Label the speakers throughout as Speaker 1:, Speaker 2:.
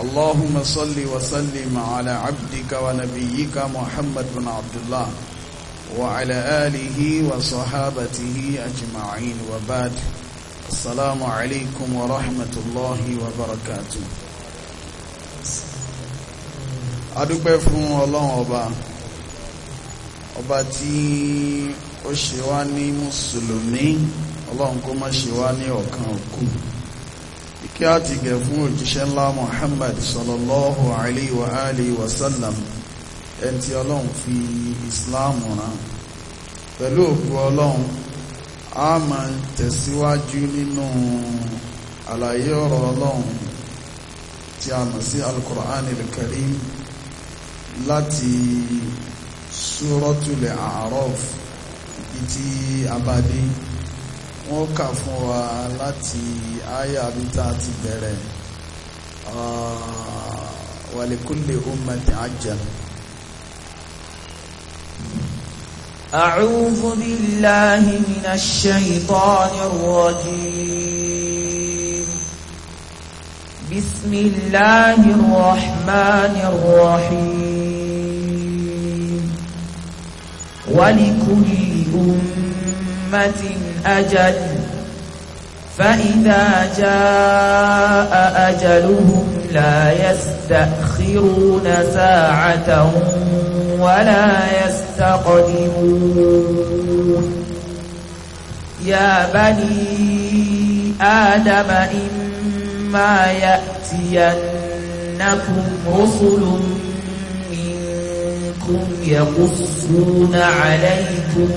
Speaker 1: اللهم صل وسلم على عبدك ونبيك محمد بن عبد الله وعلى آله وصحابته أجمعين وبعد السلام عليكم ورحمة الله وبركاته adúpẹ́ fún ọlọ́run ọba ọba tí ó ṣe wá ní mùsùlùmí ọlọ́run kó má ṣe wá ní ọ̀kan òkú ìkẹ́ àti gẹ̀ fún òjíṣẹ́ ńlá Muhammad sallallahu alayhi wa alihi wa sallam ẹni tí ọlọ́run fi Islam rán pẹ̀lú òkú ọlọ́run a máa tẹ̀síwájú nínú àlàyé ọ̀rọ̀ ọlọ́run tí a mọ̀ sí al-Qur'an láti Suratul A'raf ìtí abadé wọ́n kà fún wa láti àyà abita ti bẹ̀rẹ̀
Speaker 2: walikulli ummati ajal. أعوذ بالله من الشيطان الرجيم بسم الله الرحمن الرحيم ولكل أمة أجل فإذا جاء أجلهم لا يستأخرون ساعة ولا يستقدمون يا بني آدم إما يأتينكم رسل منكم يقصون عليكم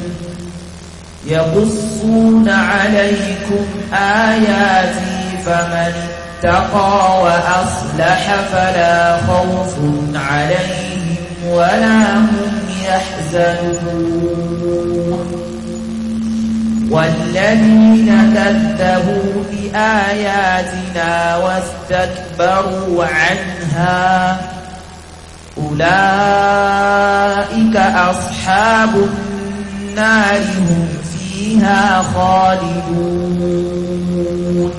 Speaker 2: يقصون عليكم آياتي فمن اتقى وأصلح فلا خوف عليهم ولا هم يحزنون والذين كذبوا بآياتنا واستكبروا عنها أولئك أصحاب النار هم فيها خالدون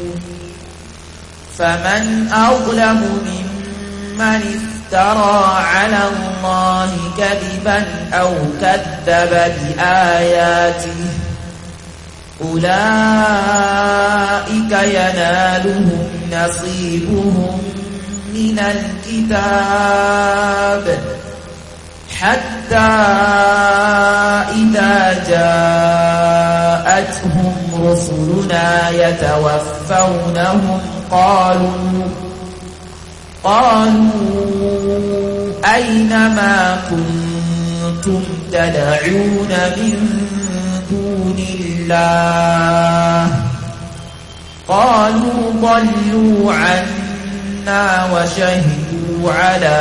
Speaker 2: فمن أظلم ممن افترى على الله كذبا أو كذب بآياته أولئك ينالهم نصيبهم من الكتاب حتى إذا جاءتهم رسلنا يتوفونهم قالوا قالوا أين ما كنتم تدعون من دون الله قالوا ضلوا عنه منا وشهدوا على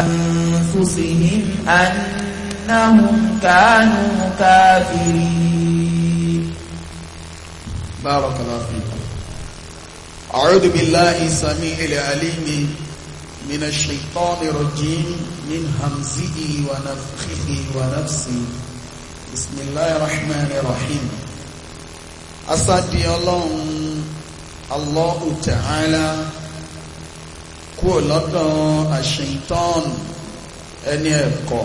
Speaker 2: أنفسهم أنهم كانوا كافرين
Speaker 1: بارك الله فيكم أعوذ بالله السميع العليم من الشيطان الرجيم من همزه ونفخه ونفسه بسم الله الرحمن الرحيم أصدي الله الله تعالى kúrò lọ́dọ̀ àṣeyìntàn ẹni ẹ̀kọ́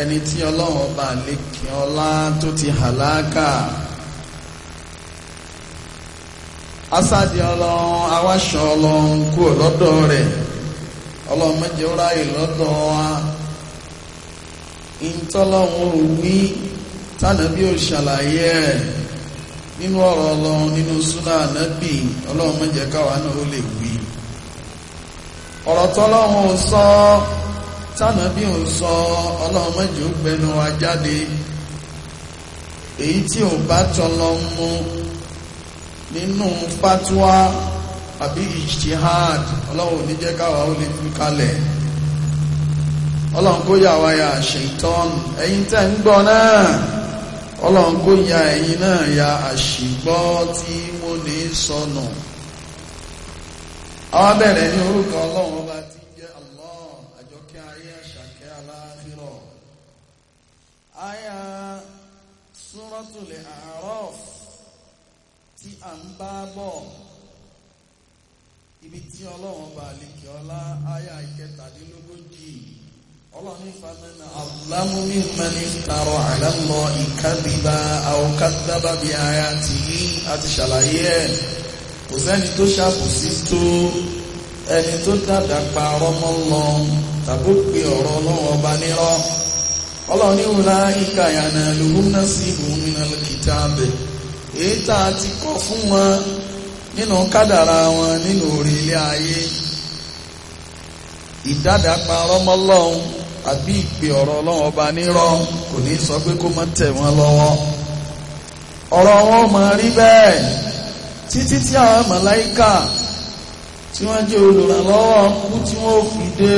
Speaker 1: ẹni tí ọlọ́run ọba lékè ọlá tó ti hàlákà asáde ọlọ́run awáṣọ ọlọ́run kúrò lọ́dọ̀ rẹ̀ ọlọ́run mẹ́jẹ ó ráyè lọ́dọ̀ wa nínú ọ̀rọ̀ ọlọ́run nínú súnà ànábì ọlọ́run má jẹ́ káwa náà ó lè wí ọ̀rọ̀ tọ́lọ́run ò sọ tànábì ò sọ ọlọ́run má jẹ́ ó gbẹnu wa jáde èyí tí ò bá tọ́lọ́ mú nínú fatwa àbí ijtihad ọlọ́run ò ní jẹ́ káwa ó lè tú kalẹ̀ ọlọ́run kó yà wáyà ṣètọ́n ẹ̀yin tẹ́ ń gbọ́ náà. ọlọ́run kó ya ẹ̀yin náà ya àṣìgbọ́ tí mo ní sọnù àwọn bẹ̀rẹ̀ ní orúkọ ọlọ́run ọba tí ń jẹ́ Allah àjọkẹ́ ayé àṣàkẹ́ aláàfírọ̀ àyà Suratul A'raf tí a ń bá bọ̀ ibi tí ọlọ́run ọba àlèkè ọlá àyà ìkẹtàdínlógójì yìí ọlọ́ni famẹ́nà àbúlámúmí mẹ́nìtàrọ̀ àlẹ́mọ̀ ìkádìbá àwòkádìbá bíi ara ti yí àti ṣàlàyé ẹ̀ kò sẹ́ni tó ṣàbùsí tó ẹni tó dáadáa pa ọmọ lọ tàbí pé ọ̀rọ̀ ọlọ́run ọba nírọ́ ọlọ́run ní òun láá ìka ìyànà lòun náà sí ìbùn nínú kìtà abẹ èyí tá a ti kọ fún wọn nínú kádàrá wọn nínú orí ayé ìdádàá pa ọmọ lọ́hùn àbí ìpè ọ̀rọ̀ ọlọ́run ọba nírọ́ kò ní sọ pé kó má tẹ̀ wọ́n lọ́wọ́ ọ̀rọ̀ wọn máa rí bẹ́ẹ̀ títí tí àwọn màláíkà tí wọ́n jẹ́ olùrànlọ́wọ́ kú tí wọ́n fi dé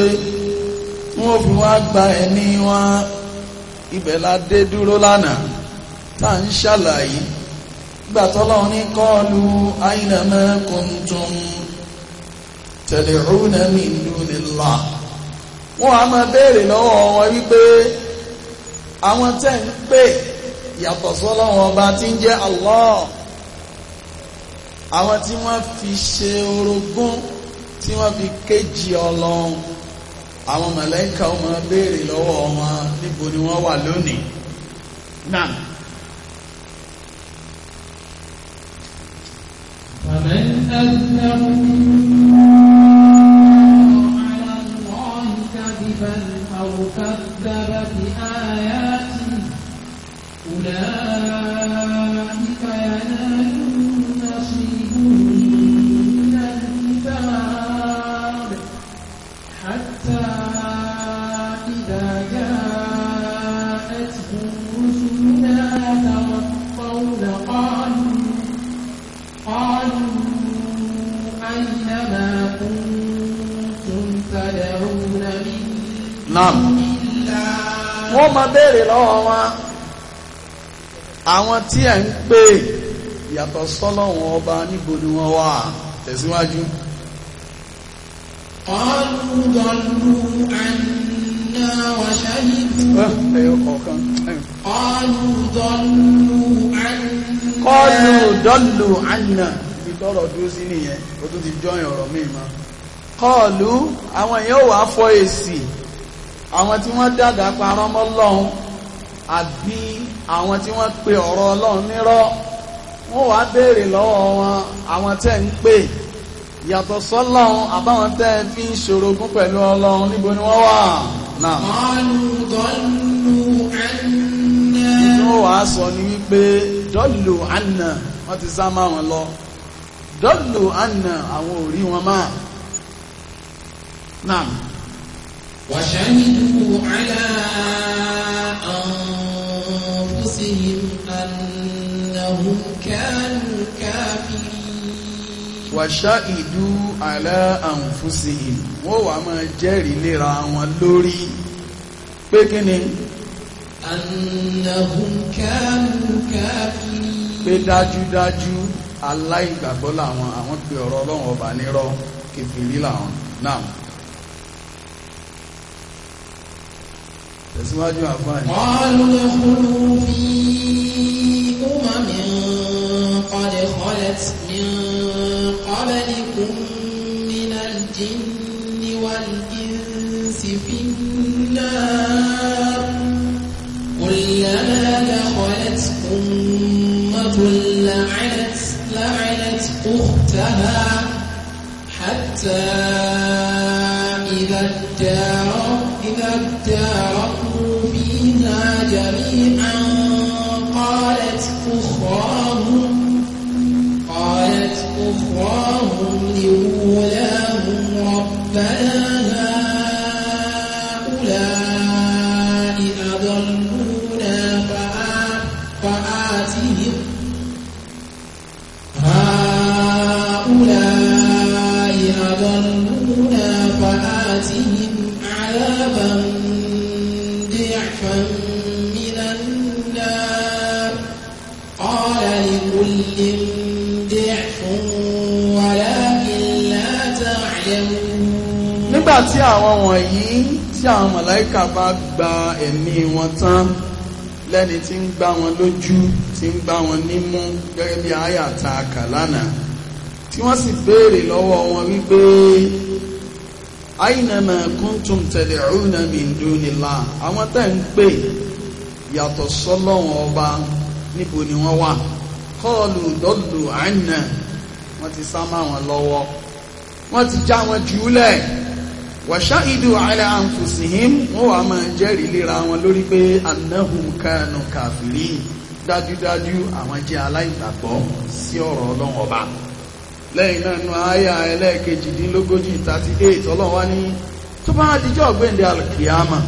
Speaker 1: wọ́n fi wá gba ẹni wọn ibẹ̀ la dé dúró lánàá tá à ń ṣàlàyé gbà tọ́lọ́run ní kọ́ọ̀lù àyìnàmẹ́ tẹ̀lé rúnẹ̀mí ìlú nílá wọ́n á máa béèrè lọ́wọ́ wọn wípé àwọn tẹ́ ń pè yàtọ̀ sọ́lọ́wọ́n ọba tí ń jẹ́ Allah àwọn tí wọ́n fi ṣe orogún tí wọ́n fi kéjì ọlọ́run àwọn màláíkà ó máa béèrè lọ́wọ́ wọn níbo ni wọ́n wà lónìí náà.
Speaker 2: فمن أكثر كذب بآياتنا islam
Speaker 1: wọ́n máa béèrè lọ́wọ́ wọn àwọn tí ẹ̀ ń pè yàtọ̀ sọ́lọ́wọ́n ọba níbo ni wọ́n wà tẹ̀síwájú.
Speaker 2: ọlùdọ̀lù àná wàṣáyìdì.
Speaker 1: ibi tọrọ dúró sí nìyẹn o tún ti jọyìn ọ̀rọ̀ mi ma. kọlù àwọn èèyàn wàá fọ èsì àwọn tí wọ́n dàgà parọ́ mọ́ lọ́hùn àbí àwọn tí wọ́n pe ọ̀rọ̀ ọlọ́run nírọ́ wọ́n wá béèrè lọ́wọ́ wọn àwọn tẹ́ ń pè yàtọ̀ sọ́lọ́run àbáwọn tẹ́ fi ń ṣorogún pẹ̀lú ọlọ́run níbo ni wọ́n wà náà.
Speaker 2: inú wàá sọ ni
Speaker 1: wípé dọ́lù àná wọ́n ti sá máa wọn lọ dọ́lù àná àwọn ò rí wọn máa. náà.
Speaker 2: وشهدوا على أنفسهم أنهم كانوا
Speaker 1: كافرين وشهدوا على أنفسهم wọ́n wá máa jẹ́rìí léra wọn lórí pé kí ni.
Speaker 2: annahum kanu kafirin.
Speaker 1: pé dájúdájú aláìgbàgbọ́ làwọn àwọn pe ọ̀rọ̀ ọlọ́run ọba nírọ́ kẹfìrí làwọn náà. أزواج أعضائهم
Speaker 2: قالوا ادخلوا في أمم قد خلت من قبلكم من الجن والإنس في النار كلما دخلت أمة لعنت لعنت أختها حتى إذا اداروا إذا اداروا iman
Speaker 1: nígbà tí àwọn wọ̀nyí tí àwọn màláíkà bá gba ẹ̀mí wọn tán lẹ́ni tí ń gbá wọn lójú tí ń gbá wọn nímú gẹ́gẹ́ bí àyà ta kàlánà tí wọ́n sì béèrè lọ́wọ́ wọn wípé àìnàmà kúntùm tẹ̀lé ọ̀rùnàmì ìdúnilá àwọn tẹ́ ń pè yàtọ̀ sọ́lọ́wọ́n ọba níbo ni wọ́n wà kọ́ọ̀lù dọ́lù àìnà wọ́n ti sá máa wọn lọ́wọ́ wọ́n ti já wọn jùúlẹ̀ wàṣáìdù àlẹ́ àǹfùsìhìm wọ́n wà máa jẹ́rìí léra wọn lórí pé annahum kanu kàfìrí dájúdájú àwọn jẹ́ aláìgbàgbọ́ sí ọ̀rọ̀ ọlọ́run ọba lẹ́yìn náà nu àyà ẹlẹ́ẹ̀kejìdínlógójì thirty eight ọlọ́run wá ní tó bá dijọ́ ọ̀gbẹ́ndẹ́ alkiyama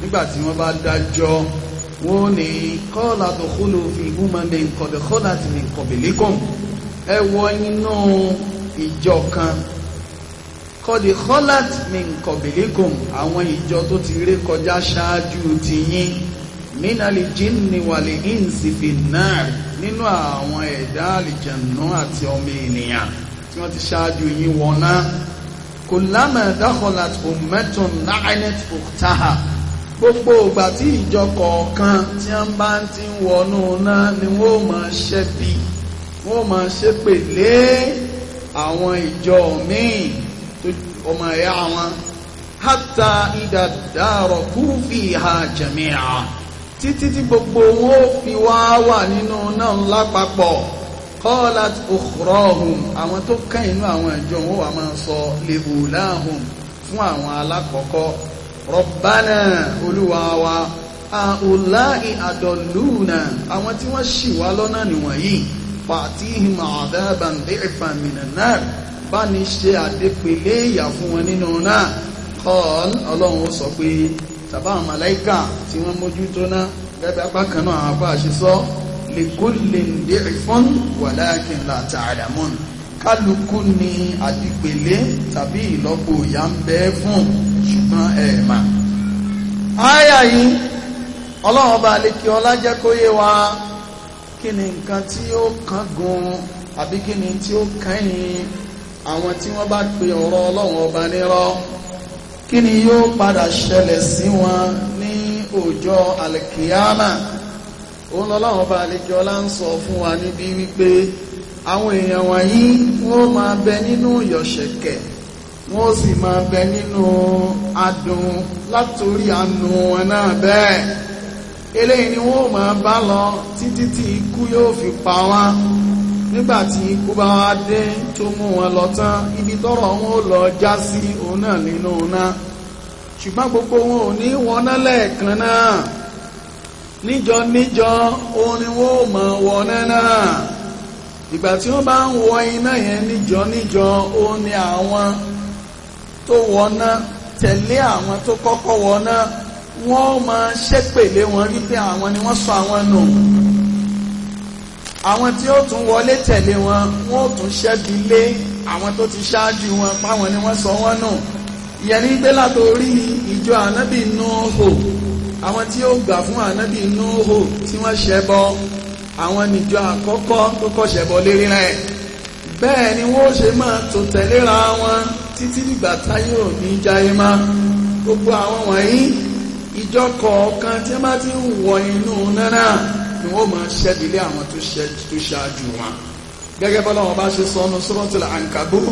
Speaker 1: nígbà tí wọ́n bá dájọ́ wọ́n ní kọ́ọ̀lá tó kúlò fi gúnmọ́ndé nkọ̀dẹ̀kọ́lá ti ní kọ̀bìlíkọ̀m inú ìjọ kan kọ́dí kọ́lát min kọ̀bìlíkùn àwọn ìjọ tó ti ré kọjá ṣáájú ti yín mínàlì jíni wàlì ínsì fìnnáàrì nínú àwọn ẹ̀dá àlìjànú àti ọmọ ènìyàn tí wọ́n ti ṣáájú yín wọná kò lámà dákọ̀lát òmẹ́tùn náàlẹ́t òkútáhà gbogbo ìgbà tí ìjọ kọ̀ọ̀kan tí wọ́n bá ń ti wọnú náà ni wọ́n máa ṣẹ́bi wọ́n máa ṣépè lé àwọn ìjọ míì ọmọ ẹ̀yà wọn hátà ìdàdàrọ̀ kú fi ha jẹ̀míà títí tí gbogbo wọn ó fi wá wà nínú náà lápapọ̀ kọ́lát òkúrọ̀hùn àwọn tó kàn inú àwọn ìjọ wọn wà máa sọ lèbùláhùn fún àwọn alákọ̀ọ́kọ́ rọ̀bánà olúwa wa àùláì àdọ̀lúùnà àwọn tí wọ́n ṣì wá lọ́nà nìwọ̀nyí pàtíhìmọ̀ àdábàndé ìfàmìnà náà bá ní ṣe àdépele ìyà fún wọn nínú náà kọ́ọ̀l ọlọ́run ó sọ pé tàbá àwọn màláíkà tí wọ́n mójú tó ná gẹ́gẹ́ apá kan náà àwọn apá àṣìṣọ́ lè kó lè dé ìfọ́n wà láàkín kálukú ni àdìpèlé tàbí ìlọ́po ìyà ń bẹ fún ṣùgbọ́n ẹ̀ẹ̀mà áyà yìí ọlọ́run ọba àlekí ọlá jẹ́ kó yé wa kí ni nǹkan tí ó kángun àbí kí ni tí ó kẹ́yìn àwọn tí wọ́n bá pe ọ̀rọ̀ ọlọ́run ọba nírọ́ kí ni yóò padà ṣẹlẹ̀ sí wọn ní ọjọ́ alikiyama òun lọ́lọ́run ọba àlejọ́lá ń sọ fún wa níbi wípé àwọn èèyàn wọ̀nyí wọ́n máa bẹ nínú ìyọ̀ṣẹ̀kẹ̀ wọ́n sì máa bẹ nínú adùn látòrí àánú wọn náà bẹ́ẹ̀ eléyìí ni wọ́n máa bá lọ títí tí ikú yóò fi pa wọ́n nígbàtí ikú bá wá dé tó mú wọn lọ tán ibi tọ́rọ̀ wọn ó lọ já sí òun náà nínú iná ṣùgbọ́n gbogbo wọn ò ní wọná lẹ́ẹ̀kan náà níjọ níjọ orin wọn ò mọ̀ wọná náà ìgbà tí wọ́n bá ń wọ iná yẹn níjọ níjọ ó ní àwọn tó wọná tẹ̀lé àwọn tó kọ́kọ́ wọná wọ́n máa ṣépèlé wọn wípé àwọn ni wọ́n sọ àwọn nù àwọn tí ó tún wọlé tẹ̀lé wọn wọn ó tún ṣẹ́bi lé àwọn tó ti ṣáájú wọn páwọn ni wọ́n sọ wọ́n nù ìyẹn ní gbé látòrí ìjọ ànábì Nuhu àwọn tí ó gbà fún ànábì Nuhu tí wọ́n ṣẹbọ àwọn níjọ àkọ́kọ́ tó kọ́ ṣẹbọ lérí rẹ̀ bẹ́ẹ̀ ni wọ́n ṣe máa tò tẹ̀léra wọn títí dìgbà táyé ò ní jáyé má gbogbo àwọn wọ̀nyí ìjọ kọ̀ọ̀kan tí wọ́n bá ti wọ inú náírà ni wọ́n máa ṣẹ́bi lé àwọn tó ṣáájú wọn gẹ́gẹ́ bọ́lá wọn bá ṣe sọ ọ́nà suratul ankabut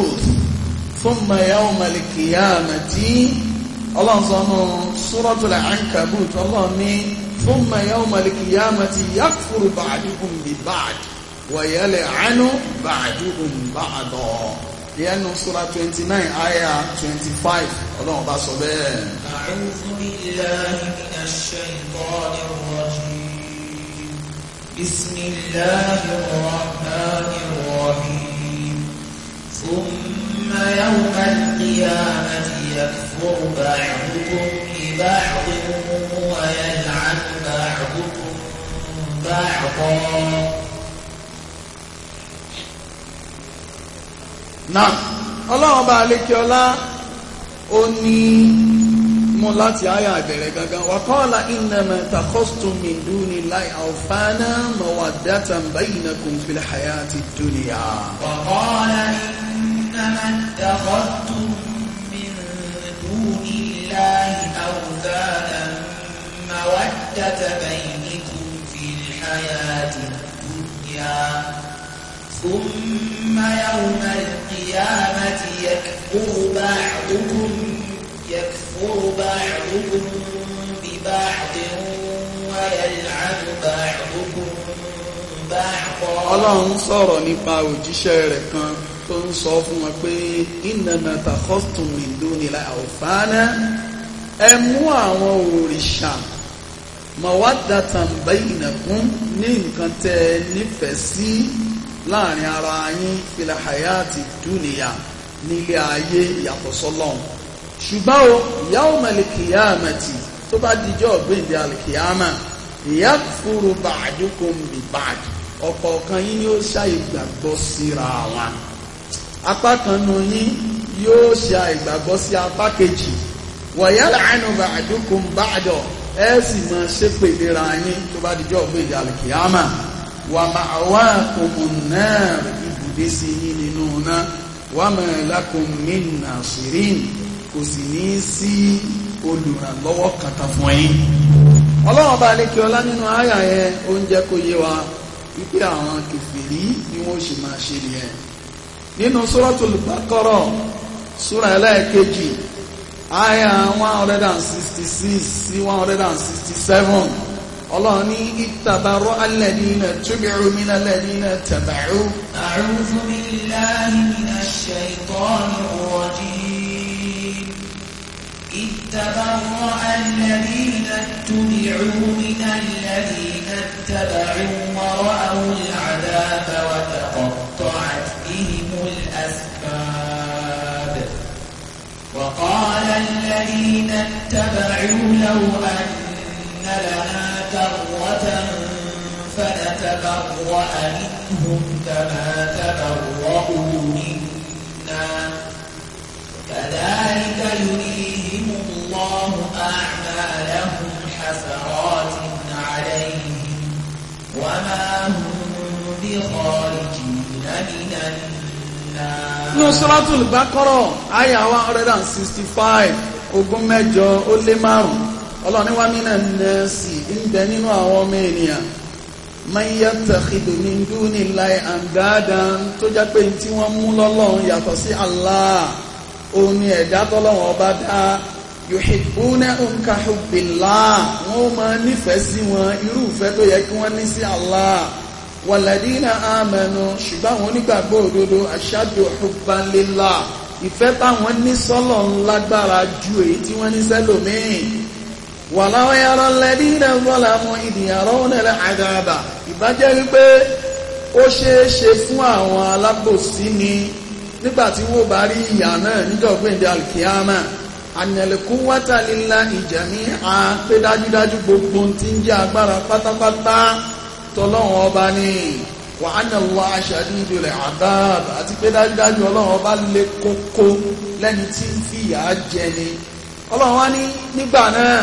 Speaker 1: thumma yawmal qiyamati ọlọ́run sọ ọ́nà suratul ankabut ọlọ́run ní thumma yawmal qiyamati yakfuru ba'dukum bi ba'd wa yal'anu ba'dukum ba'da ìyẹnu sura twenty nine aya twenty five ọlọ́run bá sọ bẹ́ẹ̀.
Speaker 2: a'udhu billahi minash shaytanir rajim. بسم الله الرحمن الرحيم ثم يوم القيامة يكفر بعضكم ببعض ويلعن بعضكم بعضا نعم ọlọ́run
Speaker 1: عليك lékè ọlá ó mọ láti àyà àbẹ̀rẹ̀ gangan wà kọ́ọ̀lá innama takhastum min duni láì àwòfáàná mawaddatan bainakum fil hayati dunya. wà
Speaker 2: kọ́ọ̀lá innama takhastum min duni láì àwòfáàná mawaddatan bainakum fil hayati dunya. ثم يوم القيامة يكفر بعضكم يكفر بعضكم
Speaker 1: ببعض ويلعن بعضكم بعضا ọlọ́run sọ̀rọ̀ nípa òjíṣẹ́ rẹ̀ kan tó ń sọ fún wọn pé ìnana takọ́tùn ìlú nílá òfáàná ẹ mú àwọn òrìṣà mọ̀wádàtàn bẹ́yìnàkún ní nǹkan tẹ́ nífẹ̀ẹ́ sí láàrin ara yín filahayati dúnìyà nílé ayé yàtọ̀ sọ́lọ́run ṣùgbọ́n o yawma al-qiyamati tó bá dijọ́ ọ̀gbìndì al-qiyama yakfuru ba'dukum bi ba'd ọ̀kọ̀ọ̀kan yín yóò ṣàìgbàgbọ́ síra wa apá kan nu yín yóò ṣàìgbàgbọ́ sí apá kejì wa yal'anu ba'dukum ba'da ẹ sì máa ṣépèlera yín tó bá dijọ́ ọ̀gbìndì al-qiyama wà ma'wakumun nar ibùdó sí yín nínú náà wa ma lakum min kò sì ní sí olùrànlọ́wọ́ kàtà fún ẹ̀yin ọlọ́run bá lè kí ọlá nínú àyà yẹn oúnjẹ kò yé wa wípé àwọn kèfèrí ni wọ́n ṣe máa ṣe nìyẹn nínú suratul Baqara súra ẹlẹ́ẹ̀kejì àyà one hundred and sixty six sí one hundred and sixty seven ọlọ́run ní ìtàbárọ́ alladina tubi'u min
Speaker 2: alladina taba'u. a'udhu billahi minash shaitanir rajim. تبرأ الذين اتبعوا من الذين اتبعوا ورأوا العذاب وتقطعت بهم الأسباب وقال الذين اتبعوا لو أن لنا كرة فنتبرأ منهم كما تبرأوا منا كذلك يريد الله أعمالهم حسرات عليهم وما هم بخارجين من النار
Speaker 1: نصرة البقرة آية 165 ogún mẹ́jọ ó lé márùn-ún ọlọ́ni wá mí náà ń sì ń nínú àwọn ọmọ ènìyàn man yattakhidhu min dunillahi andadan tó jẹ́ pé tí wọ́n mú lọ́lọ́run yàtọ̀ sí Allah òun ni ẹ̀dá tọ́lọ́run ọba dá yuhibbuna unka um hubbillah wọ́n máa nífẹ̀ẹ́ sí wọn irú ìfẹ́ tó yẹ kí wọ́n ní sí Allah waladina amanu ṣùgbọ́n àwọn onígbàgbọ́ òdodo ashaddu hubban lillah ìfẹ́ táwọn ní sọ́lọ̀ ńlágbára ju èyí tí wọ́n ní sẹ́lòmíì walaw yara alladina zalamu idh yarawna al-adaba ìbájẹ́ wípé ó ṣeéṣe fún àwọn alábòsí ni nígbà tí wọ́n bá rí ìyà náà níjọ́ gbẹ̀ndẹ̀ alkiyama ànàlẹ́kúwátà lillahi jami'a pé dájúdájú gbogbo tí ń jẹ́ agbára pátápátá tọ́lọ́wọ́n ọba ní wà ánàlọ́ aṣàdídò rẹ̀ àdáàbà àti pé dájúdájú ọlọ́run ọba lè kókó lẹ́ni tí ń fìyà jẹni ọlọ́run wá ní nígbà náà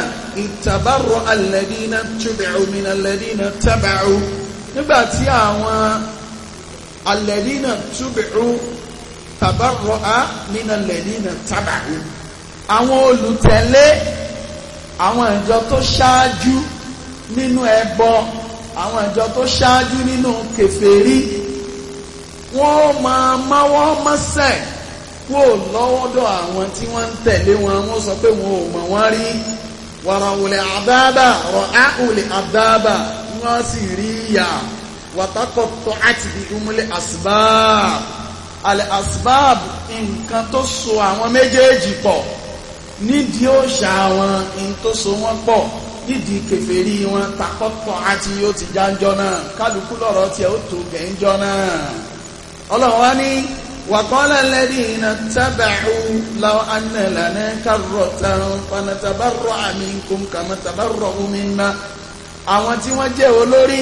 Speaker 1: ìtàbárọ̀ alẹ́dínà tùbẹ̀rù min alẹ́dínà tàbẹ̀rù nígbà tí àwọn alẹ́dínà tùbẹ̀rù tàbárọ̀ á min alẹ́dínà tàbẹ̀rù àwọn olùtẹ̀lé àwọn ìjọ tó ṣáájú nínú ẹbọ àwọn ìjọ tó ṣáájú nínú kèfèrí wọ́n máa máwọ́ mọ́sẹ̀ kúrò lọ́wọ́dọ̀ àwọn tí wọ́n ń tẹ̀lé wọn wọ́n sọ pé wọn ò mọ̀ wọ́n rí wàràwùlẹ̀ àdáàbà rọ̀háùlẹ̀ àdáàbà wọ́n sì rí ìyà wàtàkọ̀tọ̀ àti ìdúmúlẹ̀ àsìbáàbù alẹ́ àsìbáàbù nǹkan tó so àwọn méjèèjì pọ̀ nídìí òòṣà wọn in tó so wọn pọ̀ nídìí kèfèrí wọn takọ́tọ̀ àti yóò ti jáńjọ́ náà kálukú lọ́rọ̀ tiẹ̀ ó tó gẹ̀ẹ́jọ́ náà ọlọ́run wá ní wàkọ́lá lẹ́dí iná tábàáhù láwọn anẹ́lá ní kárọ̀ tàrún fanatabarọ̀ àmì nkùn kàmatabarọ̀ omi ńlá àwọn tí wọ́n jẹ́ olórí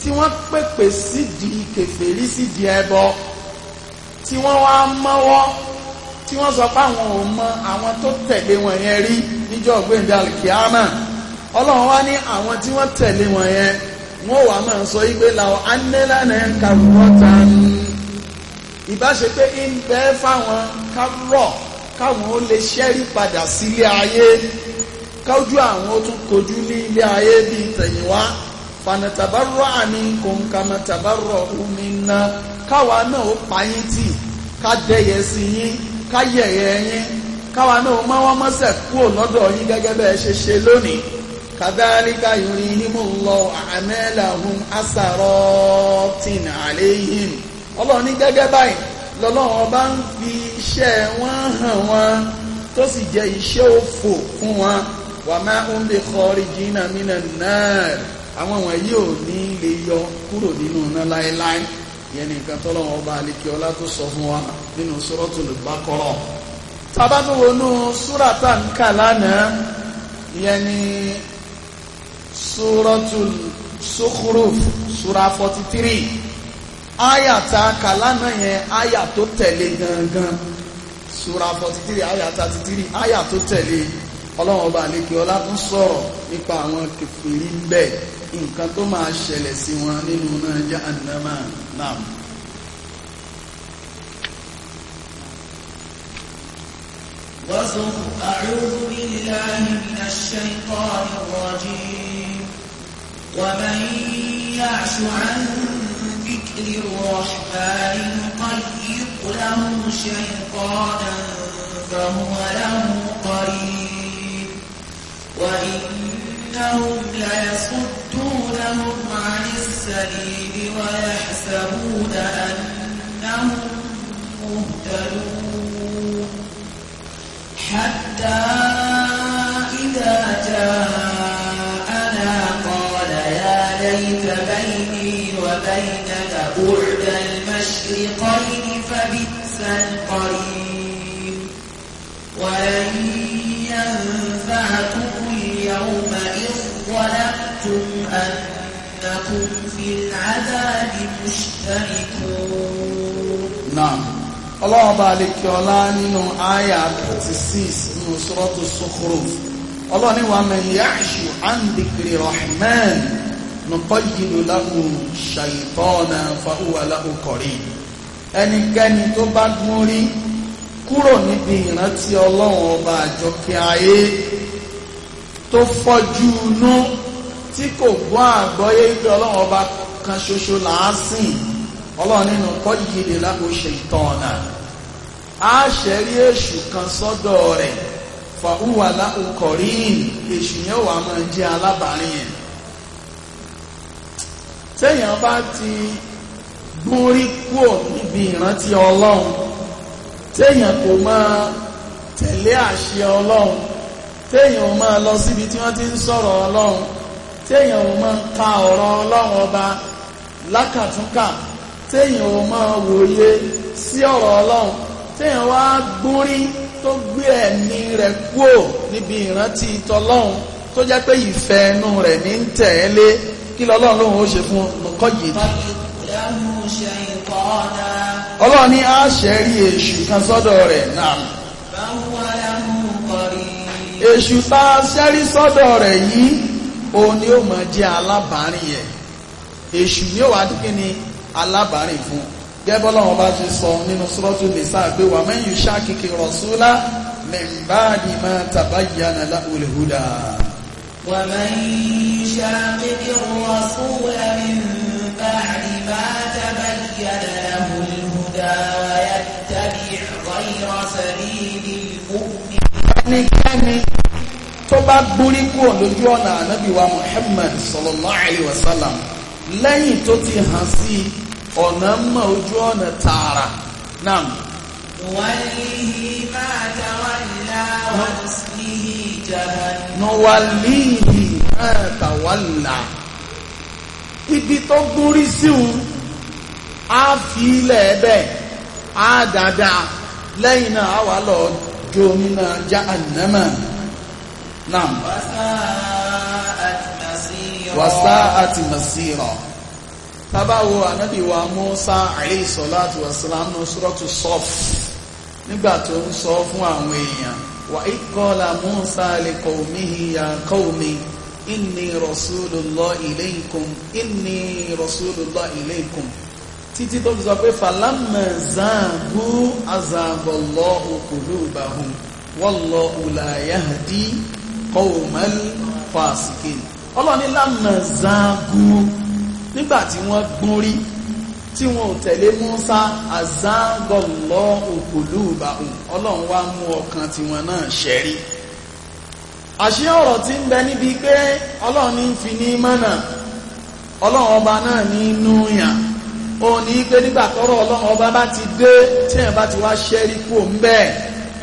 Speaker 1: tí wọ́n pèpè sídìí kèfèrí sídìí ẹbọ tí wọ́n wá mọ́wọ́ tí wọ́n sọ pé àwọn ò mọ àwọn tó tẹ̀lé wọn yẹn rí níjọ́ gbẹ̀ndẹ̀ alikiyama ọlọ́run wá ní àwọn tí wọ́n tẹ̀lé wọn yẹn wọ́n wà máa sọ ìgbé làwọn anẹ́lànà kàrọ́tà ní ìbáṣe pé ń bẹ fáwọn kárọ̀ káwọn ó lè ṣẹ́rí padà sílé ayé kájú àwọn ó tún kojú ní ilé ayé bíi tẹ̀yìnwá fanatabarọ́ àmì kòǹkàmọ́tabarọ́ omi káwa náà ó pa yín tì ká dẹ́yẹ sí yín káyẹ̀yẹ̀ yín káwa náà má wọ́n mọ́sẹ̀ kúrò lọ́dọ̀ yín gẹ́gẹ́ bẹ́ẹ̀ ṣe ṣe lónìí kàdáríkà yìí ní mò ń lọ àmẹ́làhùn asàrọ́tìn àléhìn ọlọ́run ní gẹ́gẹ́ báyìí lọ́lọ́run bá ń fi iṣẹ́ wọn hàn wọn tó sì jẹ́ iṣẹ́ òfò fún wọn wà máa ń lè kọrí jìnnà mí náà àwọn wọ̀nyí ò ní lè yọ kúrò nínú iná láéláé. ìyẹn nìkan tọ́lọ́wọ́ ọba àlekè ọlá tó sọ fún wa nínú Suratul Baqara tábà tó wọnú súrà tá ń kà lánàá ìyẹn ní forty three áyà tá a kà yẹn áyà tó tẹ̀lé gangan súrà forty three áyà thirty three áyà tó tẹ̀lé ọlọ́wọ́ ọba àlekè ọlá tó sọ̀rọ̀ nípa àwọn kèfèrí bẹ́ẹ̀. nǹkan tó máa ṣẹlẹ̀ sí wọn nínú náà ànámà
Speaker 2: náà وَسُقْ أَعُوذُ بِاللَّهِ مِنَ الشَّيْطَانِ الرَّجِيمِ وَمَنْ يَعْشُ عَنْ ذِكْرِ الرَّحْمَنِ نُقَيِّضْ لَهُ شَيْطَانًا فَهُوَ لَهُ قَرِيبٌ وَإِنَّ إنهم ليصدونهم عن السبيل ويحسبون أنهم مهتدون حتى إذا جاءنا قال يا ليت بيني وبينك بعد المشرقين فبئس القريب أنكم في العذاب مشتركون
Speaker 1: نعم ọlọ́run bá lè kí ọlá nínú àyà 36 nínú sọ́rọ́tù Zukhruf ọlọ́run wa man ya'shu 'an dhikri rahman nuqayyid lahu shaytanan fa huwa lahu qarin ẹnikẹ́ni tó bá gún rí kúrò níbi ìrántí ọlọ́run ọba àjọkẹ́ ayé tó fọ́jú inú tí kò gbọ́ àgbọ́yé pé ọlọ́run ọba kan ṣoṣo là á sìn ọlọ́run nínú kọ́yìdè lágbo ṣe ìtọ̀ọ̀nà á ṣẹ̀rí èṣù kan sọ́dọ̀ rẹ̀ fàhùwà láòkọ̀rín èṣù yẹn wà máa jẹ́ alábàárín yẹn téèyàn bá ti gún rí kúò níbi ìrántí ọlọ́run téèyàn kò máa tẹ̀lé àṣẹ ọlọ́run téèyàn máa lọ síbi tí wọ́n ti ń sọ̀rọ̀ ọlọ́run téèyàn ò mọ ka ọ̀rọ̀ ọlọ́run ọba lákàtúnkà téèyàn ò mọ wòye sí ọ̀rọ̀ ọlọ́run téèyàn wá gbórí tó gbé ẹ̀mí rẹ̀ kúò níbi ìrántí tọlọ́run tó jẹ́ pé ìfẹ́ ẹnu rẹ̀ ní ń tẹ̀lé kí lọ́lọ́run lòun ó ṣe fún nǹkan yìí. ọlọ́run ní àṣẹrí èṣù kan sọ́dọ̀ rẹ̀ náà. èṣù tá a ṣẹ́rí sọ́dọ̀ rẹ̀ yìí òun ni ó máa jẹ́ alábàárìn yẹ èṣù ni ó wà ní kí ni alábàárìn fún gẹ́gẹ́ lọ́wọ́ bá ti sọ nínú sọ́rọ́tù nìsá pé wà mẹ́yìn ṣáàkìkì rọ̀ṣúlá mẹ́mbáàdì máa tabayyana lahul huda.
Speaker 2: wà mẹ́yìn ṣáàkìkì rọ̀ṣúlá mẹ́mbáàdì máa tabayyana lahul huda wà yàtàbí ọ̀rọ̀ ìrọ̀sẹ̀rí ìdí ìkú.
Speaker 1: ẹnikẹ́ni tó bá gbórí kúrò lójú ọ̀nà ànábìwá Muhammad sallallahu alayhi wa sallam lẹ́yìn tó ti hàn sí ọ̀nà mọ́ ojú ọ̀nà tààrà náà.
Speaker 2: Nuwalihi ma tawalla wa nuslihi jahannam.
Speaker 1: Nuwalihi ma tawalla. Ibi tó gúnrí sí un, á fi ilẹ̀ ẹ̀bẹ̀, á dáadáa, lẹ́yìn náà á wà lọ jómìnà jahannama náà
Speaker 2: wàsáàtì
Speaker 1: masíra tábàwò ànábì wa Musa alayhi salatu wasalam ní suratu Saf nígbà tó ń sọ fún àwọn èèyàn wa ikọ́la Musa li qawmihi ya qawmi inni rasulullah ilaykum inni rasulullah ilaykum títí tó fi sọ pé falamma zaabu azaaballahu qulubahum wallahu la yahdi qawman fasikin ọlọ́ni lánà zágú nígbà tí wọ́n gbọ́n rí tí wọ́n tẹ̀lé Mùsá àzágọ̀lọ́ òkòlú ìbàhùn ọlọ́run wá mú ọkàn tiwọn náà ṣẹ́rí àṣẹ ọ̀rọ̀ tí ń bẹ níbi pé ọlọ́run ní fi ní mọ́nà ọlọ́run ọba náà ní ní pé nígbà ọlọ́run ọba bá ti dé tí ẹ̀ bá ti wá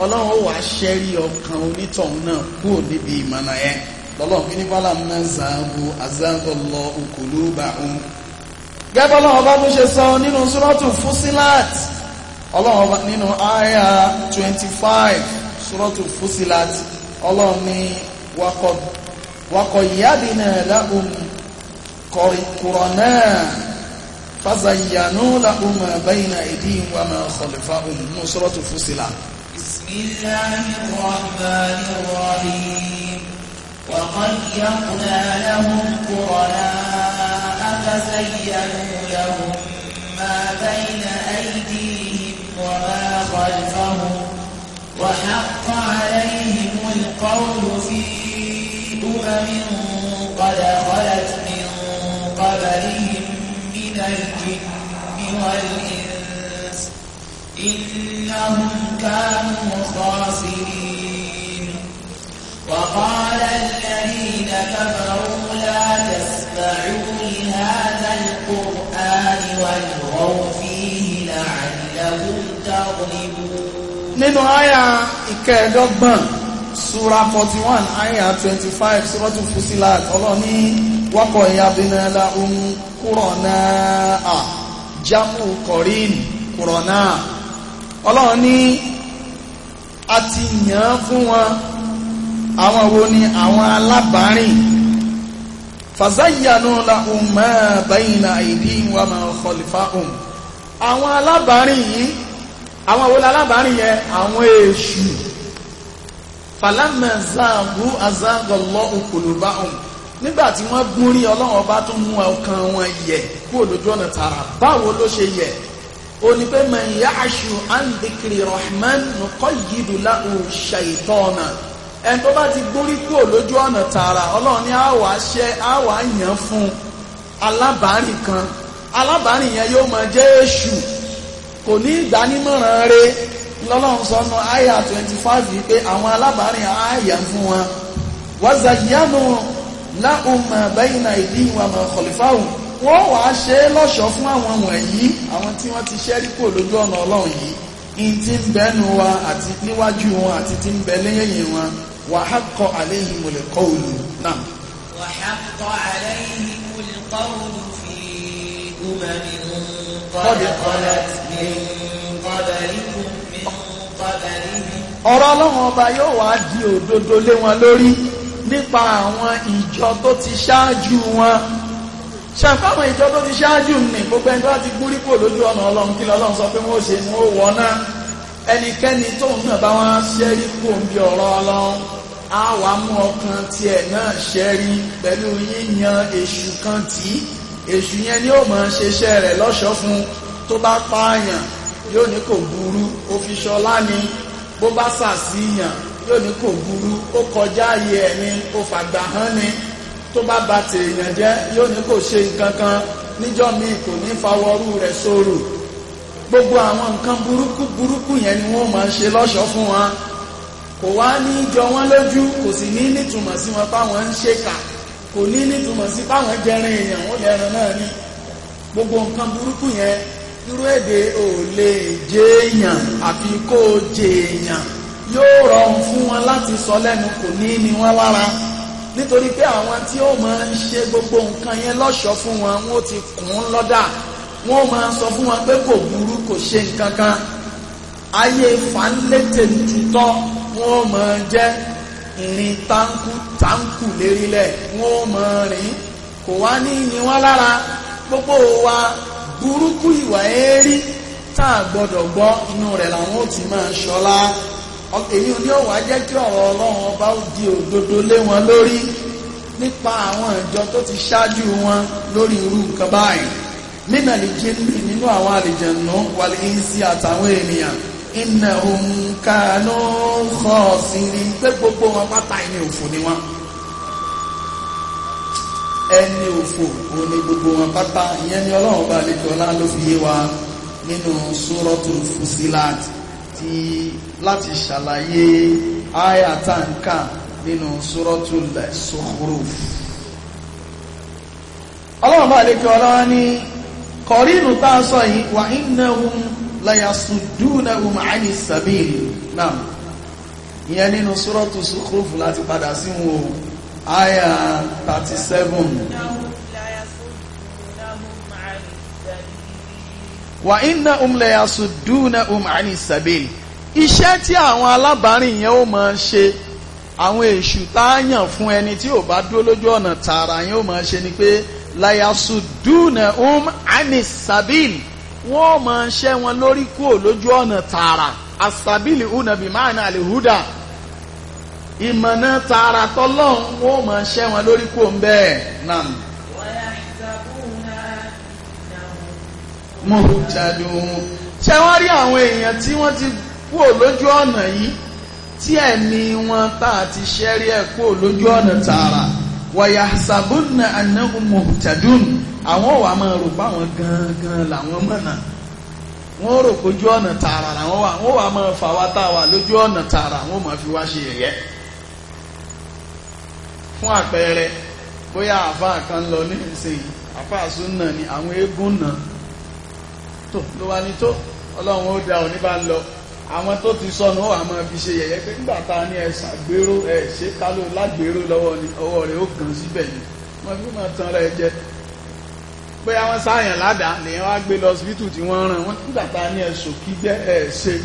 Speaker 1: ọlọ́run wà ṣẹ́rí ọkàn onítọ̀hún náà kúrò níbi ìmọ̀nà yẹn lọ́lọ́run fi ní fálàmù náà zàágù àzàgọ̀lọ́ òkòló bá òun. gẹ́gẹ́ ọlọ́run ọba tó ṣe sọ nínú sọ́rọ́tù fúsílát ọlọ́run ọba nínú àyà 25 sọ́rọ́tù fúsílát ọlọ́run ní lágùn bẹ́yìn ìwà òun nínú sọ́rọ́tù fúsílát
Speaker 2: الله الرحمن الرحيم وقد يقنا لهم قرناء فزينوا لهم ما بين أيديهم وما خلفهم وحق عليهم القول في أمم قد خلت من قبلهم من الجن والإنس إنهم كانوا خاسرين وقال الذين كفروا لا تسمعوا لهذا القرآن والغوا فيه لعلهم تغلبون
Speaker 1: nínú àyà ìkẹẹ̀ẹ́dọ́gbọ̀n sura 41 àyà 25 suratu Fusilat ọlọ́ni wọ́pọ̀ ìyàbínàlá ohun kúrọ̀ náà jamu kọ̀rin kúrọ̀ náà ọlọ́run ní a ti yàn án fún wọn àwọn wo ni àwọn alábàárìn fàzáyànú lahum ma bayna aydihim wa ma khalfahum àwọn alábàárìn yìí àwọn wo lálábàárìn yẹn àwọn èṣù fàlámẹ̀ záàbù azáàgọ̀lọ́ òkòlùbá ọ̀hún nígbà tí wọ́n gún rí ọlọ́run ọba tún mú ọkàn wọn yẹ̀ kúrò lójú ọ̀nà tààrà báwo ló ṣe yẹ̀ oni pé man ya'shu an dhikri rahman nuqayyid lahu shaytana ẹni tó bá ti gbórí kúrò lójú ọ̀nà tààrà ọlọ́run ní àwọ̀ àṣẹ àwọ̀ àyàn fún alábàárìn kan alábàárìn yẹn yóò máa jẹ́ èṣù kò ní ìgbanímọ̀ràn rẹ̀ lọ́lọ́run sọ́nà àyà twenty five yìí pé àwọn alábàárìn àyà fún wọn wàzàyánù lahum ma bayna ìdí wa ma khalifahum wọ́n wàá ṣe é lọ́ṣọ̀ọ́ fún àwọn wọ̀nyí àwọn tí wọ́n ti ṣẹ́rí kò lójú ọ̀nà ọlọ́run yìí in ti ń bẹ́nu wa àti níwájú wọn àti ti ń bẹ lẹ́yìn wọn wàhákọ̀ àléyìn mo lè kọ́ òlù náà. wàhákọ̀ àléyìn mo lè kọ́ òlù fi umami kọ́dé kọ́lá mi ikú mi kọ́dà ibi. ọ̀rọ̀ ọlọ́run ọba yóò wá di òdodo lé wọn lórí nípa àwọn ìjọ tó ti ṣáájú wọn ṣàfáwọn ìjọ tó ti ṣáájú ní gbogbo ẹni tó bá ti gúrí kò lójú ọ̀nà ọlọ́run kí lọ́lọ́run sọ pé wọ́n ṣe ni ó wọ̀ náà ẹnikẹ́ni tóun náà bá wọn ṣẹ́rí kò ń bí ọ̀rọ̀ ọlọ́run á wà mú ọkàn tiẹ̀ náà ṣẹ́rí pẹ̀lú yíyan èṣù kan tí èṣù yẹn ni ó máa ṣeṣẹ́ rẹ̀ lọ́ṣọ̀ọ́ fún tó bá pààyàn yóò ní kò burú ó fi ṣọlá ni bó bá sàṣìyàn yóò ní kò burú ó kọjá ayé ẹ̀ ni ó fàgbà hàn ni tó bá ba tèèyàn jẹ́ yóò ní kò ṣe nǹkan kan níjọ́ míì kò ní fawọ́rú rẹ̀ sóòrù gbogbo àwọn nǹkan burúkú burúkú yẹn ni wọ́n máa ń ṣe lọ́ṣọ̀ọ́ fún wọn kò wá ní jọ wọ́n lójú kò sì ní nítumọ̀ sí wọn páwọn ń ṣèkà kò ní nítumọ̀ sí páwọn jẹrin èèyàn ó lẹ́ran náà ni gbogbo nǹkan burúkú yẹn irú èdè ò lè jẹ àfi kó jẹ yóò rọrùn fún wọn láti sọ lẹ́nu kò ní ní wọ́n lára nítorí pé àwọn tí ó máa ń ṣe gbogbo nǹkan yẹn lọ́ṣọ̀ọ́ fún wọn wọn ó ti kùn ún lọ́dà wọn ó máa sọ fún wọn pé kò burú kò ṣe nǹkan kan ayé fanlétè tutọ́ wọn ó máa jẹ́ ìrìn táǹkù táǹkù lérílẹ̀ wọn ó máa rìn kò wá ní ní wọn lára gbogbo wa burúkú ìwà èérí tá a gbọ́dọ̀ gbọ́ inú rẹ̀ làwọn ó ti máa ṣọlá èyí ni ó wá jẹ́ kí ọ̀rọ̀ ọlọ́run ọba ó di òdodo lé wọn lórí nípa àwọn ìjọ tó ti ṣáájú wọn lórí irú nǹkan báyìí nínà lè jẹ́ nínú àwọn àlìjẹ̀nù wàlẹ̀ ìsì àtàwọn ènìyàn iná òǹkànú khasiri pé gbogbo wọn pátá ẹni òfò ni wọn ẹni òfò òun ni gbogbo wọn pátá ìyẹn ni ọlọ́run ọba àlejò ọlá ló fi yé wa nínú suratul Fusilat ti láti ṣàlàyé ayatanka nínú suratul Zukhruf ọlọ́run bá lè kí ọlọ́run ní kọ̀rínù tá a sọ yìí wà innahum layasuddunahum ani sabil náà ìyẹn nínú suratu Zukhruf láti padà sí wọn o aya 37 wà iná umlẹ̀ yasùdúnà um àní sàbẹ̀lì iṣẹ́ tí àwọn alábàárìn yẹn ó máa ṣe àwọn èṣù tá a yàn fún ẹni tí ò bá dúró lójú ọ̀nà tààrà yẹn ó máa ṣe ni pé layasu dúnà um ani sabil wọ́n máa ṣẹ́ wọn lórí kúò lójú ọ̀nà tààrà asabili unabi maana alihuda ìmọ̀nà tààrà tọ́lọ́hún wọ́n máa ṣẹ́ wọn lórí kúò ń bẹ́ẹ̀ náà. muhtadun ṣé wọ́n rí àwọn èèyàn tí wọ́n ti kúò lójú ọ̀nà yìí tí ẹ̀mí wọn tá a ti ṣẹ́rí ẹ̀ kúò lójú ọ̀nà tààrà wọ̀yà sàbúnà anáhùn mọ̀tàdún àwọn wà máa rò báwọn gangan làwọn mọ̀nà wọ́n rò kójú ọ̀nà tààrà làwọn wà wọ́n wà máa fà wá tá lójú ọ̀nà tààrà wọ́n máa fi wá ṣe yẹ̀yẹ́ fún àpẹẹrẹ bóyá àfáà kan lọ ní ìsìn àfáà súnà ni àwọn eégún náà tó ló wá ní tó ọlọ́run ó dá òní bá ń lọ àwọn tó ti sọnù ó àmọ́ fi ṣe yẹ̀yẹ́ pé nígbà tá a ní ẹ̀sà gbèrò ẹ̀ ṣe kálò lágbèrò lọ́wọ́ ni ọwọ́ rẹ̀ ó kàn síbẹ̀ ni wọn fi máa tan rẹ̀ jẹ pé àwọn sáyàn ládàá nìyẹn wá gbé lọ síbítù tí wọn ràn wọn nígbà tá a ní ẹ̀sùn kígbẹ́ ẹ̀ ṣe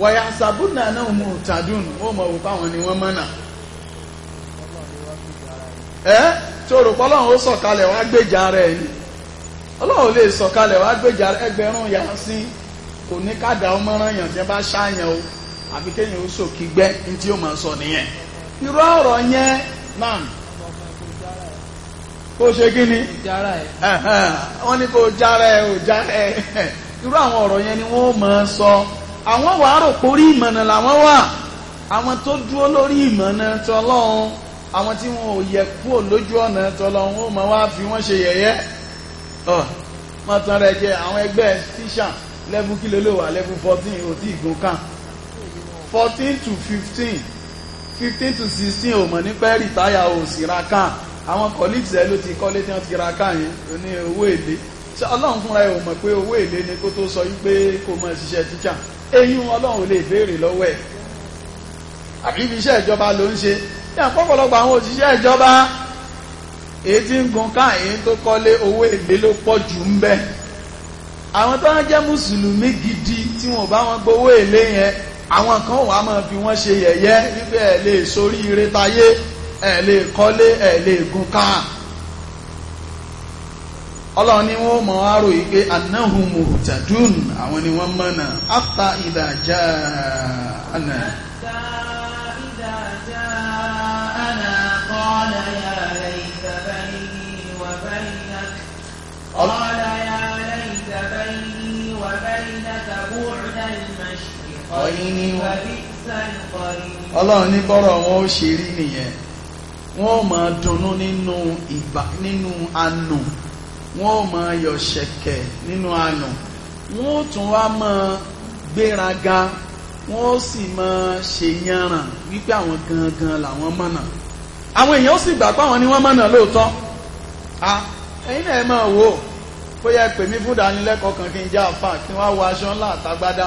Speaker 1: wọ̀yà sàbúnà náà mú tàdùn ó mọ̀ wò àwọn ni wọ́n mọ̀nà ẹ́ tí o rò pé ọlọ́run ó sọ̀kalẹ̀ wá gbèjà rẹ̀ ni ọlọ́run lè sọ̀kalẹ̀ wá gbèjà ẹgbẹ̀rún yàrá sí kò ní kádà ọmọ rányàn tí wọ́n bá ṣáàyàn o àbí kéèyàn ó sòkì gbẹ́ ní tí ó máa sọ nìyẹn irú ọ̀rọ̀ yẹn náà kó ṣe kí ni wọ́n ní kó jára ẹ̀ ò jára ẹ̀ irú àwọn ọ̀rọ̀ yẹn ni wọ́n máa sọ àwọn wàá rò pórí ìmọ̀nà làwọn wà àwọn tó dúró lórí ìmọ̀nà tọlọ́run àwọn tí wọn ò yẹ kúrò lójú ọ̀nà tọlọ́run ó máa wá fi wọ́n ṣe yẹ̀yẹ́ ọ̀ mọ́tàn rẹ̀ jẹ́ àwọn ẹgbẹ́ tíṣàn level kí ló lè wà level fourteen ò tí ìgò kàn fourteen to fifteen fifteen to sixteen ò mọ̀ ní pẹ́ rìtáyà ò sì ra kàn àwọn colleagues ẹ ló ti kọ́lé tí wọ́n ti ra kàn yẹn ní owó èlé ọlọ́run fúnra ẹ̀ ò mọ̀ pé owó èlé ni kó tó sọ yí pé kó mọ̀ ṣiṣẹ́ tíjà eyín ọlọ́run lè béèrè lọ́wọ́ ẹ̀ àbí ibi iṣẹ́ ìjọba ló ń ṣe ní àpọ̀pọ̀lọpọ̀ àwọn òṣìṣẹ́ ìjọba èyí tí ń gun káà èyí tó kọ́lé owó èlé ló pọ̀ jù ń bẹ́ẹ̀ àwọn tó ń jẹ́ mùsùlùmí gidi tí wọn bá wọn gbowó èlé yẹn àwọn kan wàá máa fi wọ́n ṣe yẹ̀yẹ́ wípé ẹ̀ lè sórí ire tayé ẹ̀ lè kọ́lé ẹ̀ lè gun ká ọlọ́run ni wọ́n mọ̀ áró yìí pé anáhùnmù tàdún àwọn ni wọ́n mọ̀nà áfà ìdàjà ànà. áfà ìdàjà ànà kọ́lẹ̀ yàrá. ọlọ́run ní bọ́rọ̀ wọn ó ṣe rí nìyẹn wọn ò máa dunnú nínú ìbà nínú àánú wọn ò máa yọ̀ ṣẹ̀kẹ̀ nínú àánú wọn ò tún wá máa gbéraga wọn ó sì máa ṣèyànràn wípé àwọn gangan làwọn mọ̀nà àwọn èèyàn ó sì gbà pé àwọn ni wọ́n mọ̀nà lóòótọ́ a ẹ̀yin náà ẹ máa wò ó bóyá ẹ pè mí fún ìdánilẹ́kọ̀ọ́ kan kí n já àfà kí wọ́n á wọ aṣọ ńlá àtàgbádá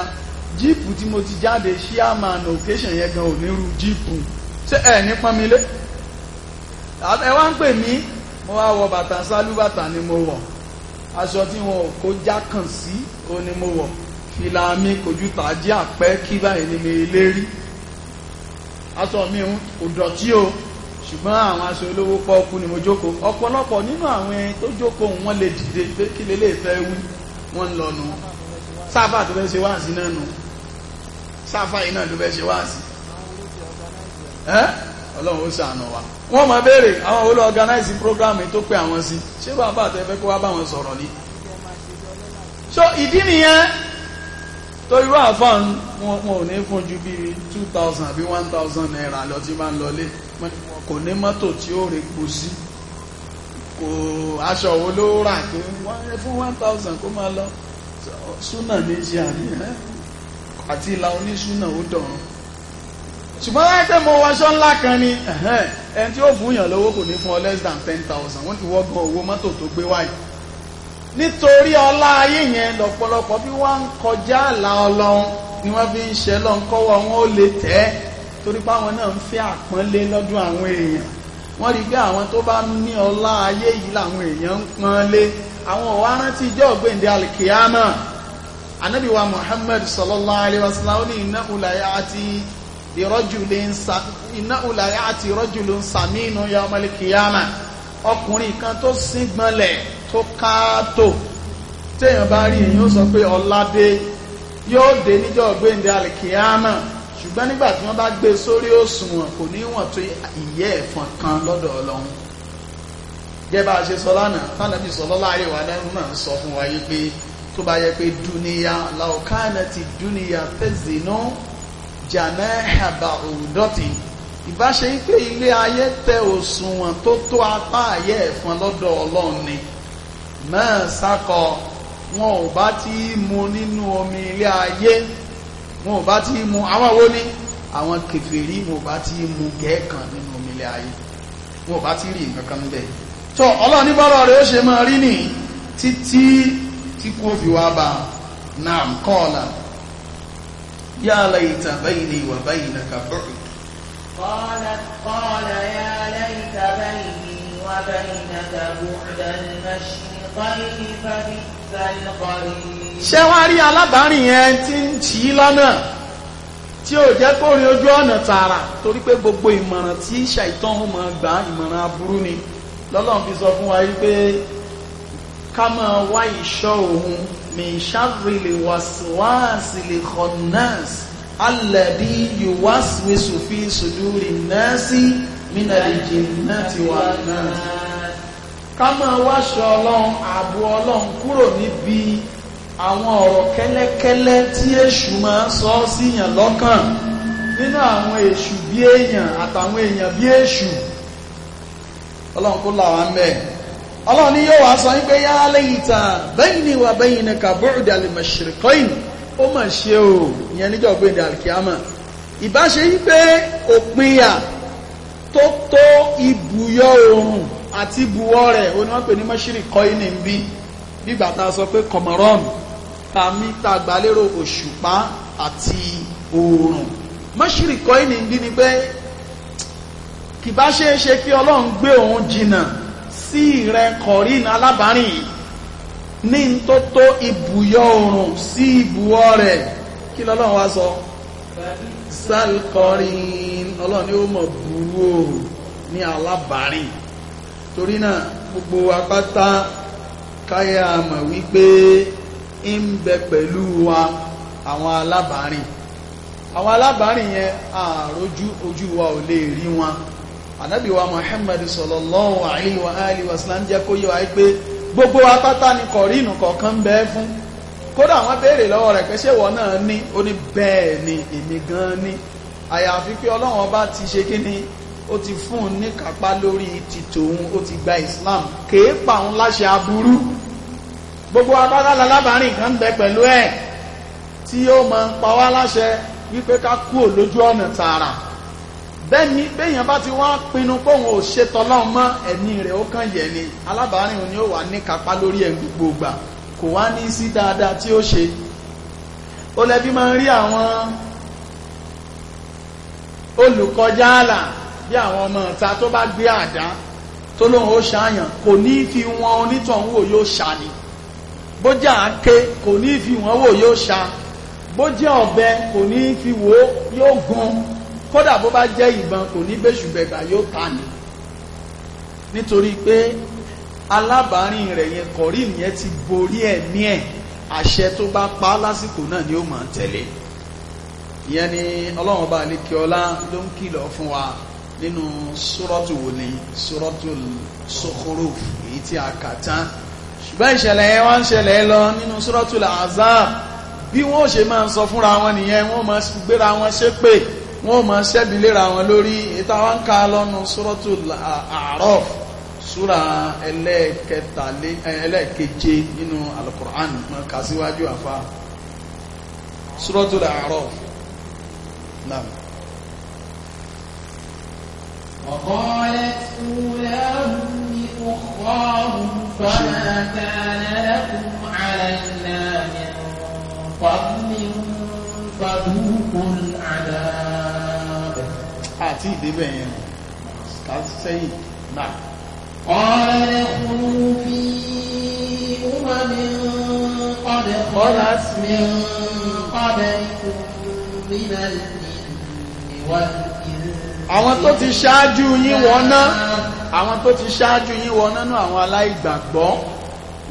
Speaker 1: jíìpù tí mo ti jáde ṣíàmàn occasion yẹn gan onírú jíìpù ṣé ẹ ní pọ́n mi lé ẹ wá ń pè mí mo wá wọ bàtà sálúbàtà ni mo wọ aṣọ tí wọn kò já kàn sí o ni mo wọ fìlà mi kojú tàjí àpẹ kí báyìí ni mi lé rí aṣọ mi kò dọ̀tí o ṣùgbọ́n àwọn aṣọ olówó pọ́ọ́kú ni mo jókòó ọ̀pọ̀lọpọ̀ nínú àwọn ẹni tó jókòó wọn lè dìde pé kí lélẹ́ẹ̀fẹ́ wí wọ́n lọ nù sábà tó fẹ́ ṣe wáǹsí náà nù sáfà iná ló fẹ́ ṣe wá sí ẹ́ ọlọ́run ó ṣàánú wa wọ́n máa béèrè àwọn olú ọ̀gánáìsì prógrámù tó pé àwọn sí ṣé bàbá àtẹ́fẹ́ kó wá bá wọn sọ̀rọ̀ ni so ìdí nìyẹn tó irú àfáàn wọn ò ní fún ju bí 2000 àbí 1000 naira lọ tí máa ń lọlé kò ní mọ́tò tí ó rè kú sí kò aṣọ wo ló rà pé fún 1000 kó máa lọ súnà ní ṣe àníyàn àti ìlà oníṣúná ó dọ̀rùn ṣùgbọ́n wọ́n pẹ́ mo wọṣọ ńlá kan ni ẹni tí ó fún yàn lówó kò ní fún ọ less than ten thousand wọ́n ti wọ́n gan owó mọ́tò tó gbé wáyé nítorí ọlá ayé yẹn lọ́pọ̀lọpọ̀ bí wọ́n ń kọjá àlà ọlọ́run ni wọ́n fi ń ṣe lọ́n kọ́wọ́ wọn ó lè tẹ́ torí pé àwọn náà ń fẹ́ àpọ́nlé lọ́dún àwọn èèyàn wọ́n rí pé àwọn tó bá ní ọlá ayé yìí làwọn èèyàn ń pọ́nlé àwọn ò rántí ìjọ́ ògbéǹde alìkìyámà anabi wa muhammad sallallahu alayhi wa sallam ní iná ulaya àti ìrọ́jùlẹ̀ iná ulaya àti ìrọ́jùlẹ̀ sàmínú ya ọmọlẹ́kìyàmà ọkùnrin kan tó síngbọnlẹ̀ tó káàtó téèyàn bá rí èyàn sọ pé ọ̀ládé yóò dé níjọ́ gbéǹde alìkìyàmà ṣùgbọ́n nígbà tí wọ́n bá gbé e sórí òṣùwọ̀n kò ní wọ̀n tó ìyẹ́ ẹ̀fọn kan lọ́dọ̀ ọlọ́run jẹ́ bá a ṣe sọ lánàá tánàbí sọ lọ́lá àríwá lẹ́rú náà sọ fún wa yí pé tó bá yẹ pé dúníyà laukana ti dúníyà tẹ́zínú jàná àbà òdọ́tì ìbáṣe pé ilé ayé tẹ òṣùwọ̀n tó tó apá ayé ẹ̀fọn lọ́dọ̀ ọlọ́run ni máa sákọ̀ wọn ò bá tí mu nínú omi ilé ayé wọn ò bá tí mu àwọn wo ni àwọn kèfèrí wọn ò bá tí mu gẹ́ẹ̀kan nínú omi ilé ayé wọn ò bá tí rí nǹkan kan níbẹ̀ tó ọlọ́run ní bọ́rọ̀ rẹ̀ ó ṣe máa rí nìyí títí tí kò fi wá bá náà kọ́ọ̀lá yá laita wa baynaka bu'd
Speaker 2: قالت قال
Speaker 1: wá rí alábàárìn yẹn tí ń tì lọ́nà tí ò jẹ́ kó ojú ọ̀nà tààrà torí pé gbogbo ìmọ̀ràn tí ṣàìtàn ó máa gbà ìmọ̀ràn aburú ni lọ́lọ́run fi sọ fún wa yí pé ká máa wá ìṣọ́ òun min ṣàrìlè wàsíwàsílè kọ̀nàs alẹ́bí yíwáṣíwéṣù fi ṣùdúrì nẹ́ẹ̀sì mínàlìjì náà ti wà náà ká máa wáṣọ ọlọ́run ààbò ọlọ́run kúrò níbi àwọn ọ̀rọ̀ kẹ́lẹ́kẹ́lẹ́ tí èṣù máa sọ síyàn lọ́kàn nínú àwọn èṣù bí èèyàn àtàwọn èèyàn bí èṣù ọlọ́run kó làwọn mẹ́ẹ̀ ọlọ́run ni yóò wá sọ wípé yá lẹ́yìn ta bayni wa baynaka bu'da al-mashriqayn ó mà ṣe o ìyẹn níjọ́ pé ní alkiyama ìbáṣe wípé òpinya tó tó ibùyọ oòrùn àti ibùwọ̀ rẹ̀ ó ní wọ́n pè ní mashriqayn ní bí bígbà tá a sọ pé kọmọrọ́ọ̀nù tàmí tàgbálérò òṣùpá àti oòrùn mashriqayn ní bí ni pé kìbá ṣe ṣe kí ọlọ́run gbé òun jìnnà sí rẹ kọ̀rí ní alábàárìn ní tó tó ibùyọ oòrùn sí ibùwọ̀ rẹ̀ kí lọ́lọ́run wá sọ sálkọrin ọlọ́run ni ó mọ̀ burú ní alábàárìn torí náà gbogbo apáta káyà mọ̀ wípé ń bẹ pẹ̀lú wa àwọn alábàárìn àwọn alábàárìn yẹn àròjú ojú wa ò lè rí wọn ànábì wa Muhammad sallallahu alayhi wa alihi wa sallam jẹ́ kó yé wa pé gbogbo apáta ni kọ̀rínù kọ̀ọ̀kan bẹ́ẹ̀ fún kódà wọ́n béèrè lọ́wọ́ rẹ̀ pé ṣé ìwọ náà ní ó ní bẹ́ẹ̀ ni èmi gan ní àyàfi pé ọlọ́run ọba ti ṣe kí ni ó ti fún un ní kápá lórí ti tòun ó ti gba Islam kèé pa òun láṣẹ aburú gbogbo apáta lalábàárìn kan bẹ pẹ̀lú ẹ̀ tí yóò máa ń pa wá láṣẹ wípé ká kúrò lójú ọ̀nà tààrà bẹ́ẹ̀ni bẹ́yàn bá ti wá pinnu kóhun ò ṣe tọ́lọ́run mọ́ ẹ̀mí rẹ̀ ó kàn yẹ̀ ni alábàárìn òní ó wà ní kápá lórí ẹ̀ gbogbo ìgbà kò wá ní sí dáadáa tí ó ṣe ó lẹ́bí máa ń rí àwọn olùkọjá àlà bí àwọn ọmọ ìta tó bá gbé àdá tó lóun ó ṣàyàn kò ní fi wọn onítọ̀hún wò yóò ṣà ni bójá àáké kò ní fi wọn wò yóò ṣà bójá ọ̀bẹ kò ní fi wò yóò gun kódà bó bá jẹ́ ìbọn kò ní bẹ́ṣù bẹ̀gbà yóò ta ni nítorí pé alábàárìn rẹ̀ yẹn kọ̀rí yẹn ti borí ẹ̀mí ẹ̀ àṣẹ tó bá pa lásìkò náà ni ó máa tẹ̀lé ìyẹn ni ọlọ́run ọba àlekè ọlá ló ń kìlọ̀ fún wa nínú sọ́rọ́tù wò ní sọ́rọ́tù Sukhruf èyí tí a kà tán ṣùgbọ́n ìṣẹ̀lẹ̀ yẹn wá ń ṣẹlẹ̀ lọ nínú sọ́rọ́tù al bí wọ́n ṣe máa ń sọ fúnra wọn nìyẹn wọ́n máa gbéra wọn ṣépè wọ́n ma ṣẹ́bi léra wọn lórí ìtawà ń ká lọ́nu sọ́rọ́tù A'raf súra ẹlẹ́ẹ̀keje nínú Al-Qur'an ma kà síwájú àfá sọ́rọ́tù A'raf náà
Speaker 2: وقالت أولاهم لأخراهم فما كان
Speaker 1: àti ìdébẹ̀ yẹn ká sẹ́yìn náà.
Speaker 2: ọ̀rẹ́ kúrú bí ọmọ mi ọdẹ kọ́lá mi ọdẹ ìkùnrin
Speaker 1: ìwà àwọn tó ti ṣáájú yín wọná àwọn tó ti ṣáájú yín wọná nú àwọn aláìgbàgbọ́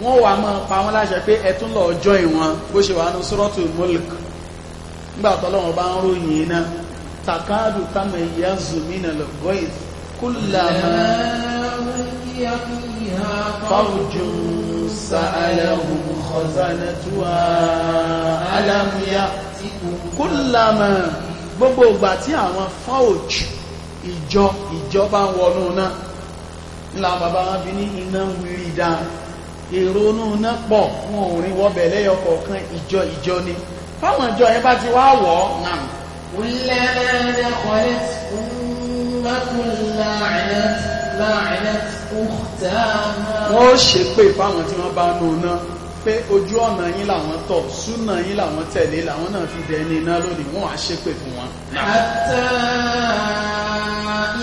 Speaker 1: wọ́n wà máa pa wọ́n láṣẹ pé ẹ tún lọ ìwọ̀n bó ṣe wà ní sọ́rọ́tù mulk nígbà tọ́lọ́wọ́n bá ń ròyìn náà takadu tamayyazu minal ghayz
Speaker 2: kullama
Speaker 1: fawjun sa'alahum khazanatuha alam ya'tikum kullama gbogbo ìgbà tí àwọn fawj ìjọ ìjọba wọnú náà ńlá bàbá wọn bí ní iná wírí dáa èrò inú iná pọ̀ wọn ò rí wọ́bẹ̀ lẹ́yọkọ̀ọ̀kan ìjọ ìjọ ni fáwọn ìjọ yẹn ti wá wọ̀ náà
Speaker 2: كلما دخلت أمة لعنت لعنت أختها wọ́n
Speaker 1: ṣépè fáwọn tí wọ́n bá nù náà pé ojú ọ̀nà yín làwọn tọ̀ súnà yín làwọn tẹ̀lé làwọn náà fi dẹni iná lónìí wọ́n á ṣépè fún wọn.
Speaker 2: àtà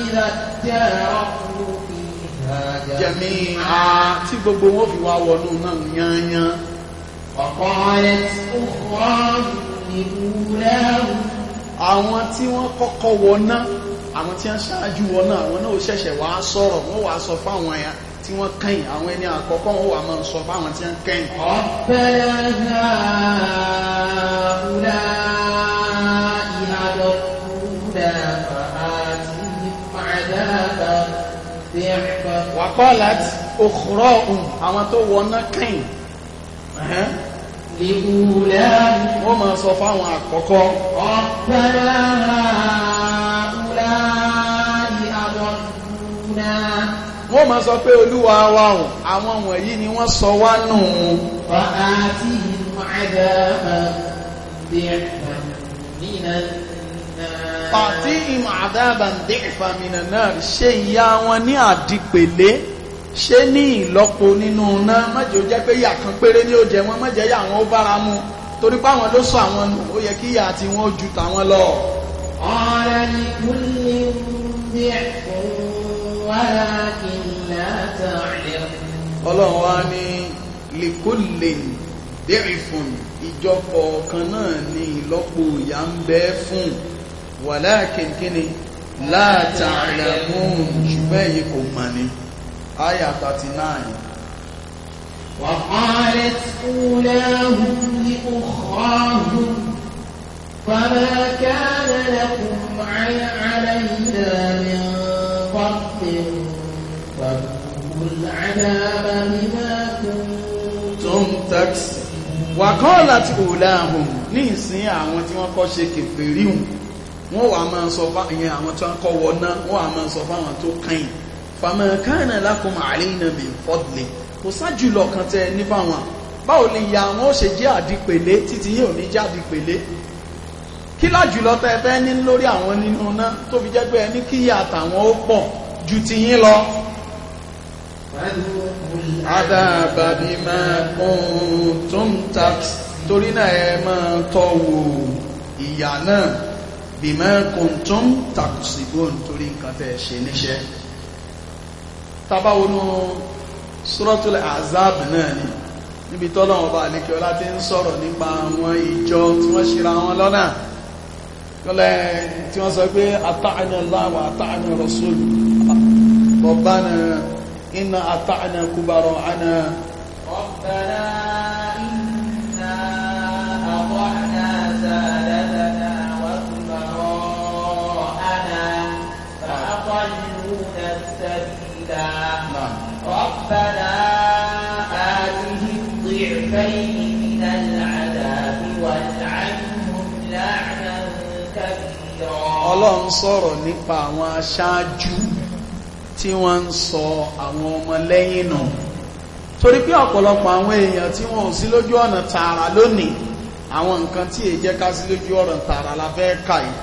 Speaker 2: ìlà jẹ́ ọkùnrin ìhàjà.
Speaker 1: jẹ̀mí a tí gbogbo wọn fi wá wọnú náà yányán. ọ̀pọ̀ ẹ̀ tí
Speaker 2: ó kọ́ ìwúrẹ́ òun àwọn tí wọ́n
Speaker 1: kọ́kọ́ wọná àwọn tí wọ́n ṣáájú wọná àwọn náà ṣẹ̀ṣẹ̀ wá sọ̀rọ̀ wọ́n wá sọ fáwọn ẹ̀yà tí wọ́n kẹ́yìn àwọn ẹni àkọ́kọ́ wọ́n wà máa sọ fáwọn tí wọ́n kẹ́yìn.
Speaker 2: ọ̀bẹ̀rẹ̀
Speaker 1: wàkọ́lá ọ̀kọ̀rọ̀ ohun àwọn tó wọná kẹ́yìn ó máa sọ fáwọn àkọ́kọ́.
Speaker 2: ọ̀pẹ̀lá àúlá ní àwọ̀dúnà. wọ́n máa
Speaker 1: sọ pé olúwa wa hùn àwọn wọ̀nyí ni wọ́n sọ wá nù. wà ìmọ̀ àdábà ń dé ìfàmìnà náà ṣe ìyá wọn ní àdìpèlé ṣé ní ìlọ́po nínú iná mọ́jọ jẹ́ pé ìyà kan péré ní ó jẹ wọ́n mọ́jẹ yà wọ́n ó bára mu torí pé àwọn ló sọ àwọn nù ó yẹ kí ìyà tí wọ́n ju tàwọn lọ.
Speaker 2: ọ̀rẹ́ ni kú ní bí ẹ̀kọ́ wàrà kì
Speaker 1: í látà rẹ̀. ọlọ́run wa ní lèkólè dẹ́rìfùn ìjọ kọ̀ọ̀kan náà ní ìlọ́po ìyà ń bẹ fún wàlá kìnkínni látà mú ṣùgbọ́n èyí kò mọ̀ ni. Aya 39.
Speaker 2: وقالت أولاهم لأخراهم فما كان لكم علينا من فضل فاذوقوا
Speaker 3: العذاب بما كنتم
Speaker 1: تكسبون وقالت أولاهم ní ìsìn àwọn tí wọ́n kọ́ ṣe kèfèrí hùn wọ́n wà máa sọ fáwọn àwọn tí wọ́n kọ́ wọ́ná wọ́n wà máa sọ fáwọn tó kàn yìí fàmọ̀kánà lakum alayna min fadli kò sájùlọ kan tẹ ní fáwọn báwo lè ya àwọn ó ṣe jẹ́ àdìpèlé títí yóò ní jẹ́ àdìpèlé kí lájùlọ tẹ fẹ́ ní lórí àwọn nínú náà tó fi jẹ́ pé ẹni kíyà àtàwọn ó pọ̀ ju ti yín lọ adábàbí máa kún tó ń torí náà ẹ máa tọ́wò ìyà náà bí máa kún tó ń ta nítorí nǹkan tẹ́ ṣe níṣẹ́ tabawonu suratul azab náà ni níbi tọ́lọ́wọ́ bá àlékẹ́ ọlá tí ń sọ̀rọ̀ nípa àwọn ìjọ tí wọ́n ṣe ra wọn lọ́nà lọ́lẹ̀ tí wọ́n sọ pé àtààna Allah wa àtààna rasul rabbana inna àtààna kubara'ana rabbana
Speaker 2: ربنا آتهم ضعفين من العذاب والعنهم لعنا كبيرا
Speaker 1: ọlọ́run sọ̀rọ̀ nípa àwọn aṣáájú tí wọ́n ń sọ àwọn ọmọlẹ́yìn náà torí pé ọ̀pọ̀lọpọ̀ àwọn èèyàn tí wọ́n ò sí lójú ọ̀nà tààrà lónìí àwọn nǹkan tí èyí jẹ́ ká sí lójú ọ̀nà tààrà la fẹ́ kà yìí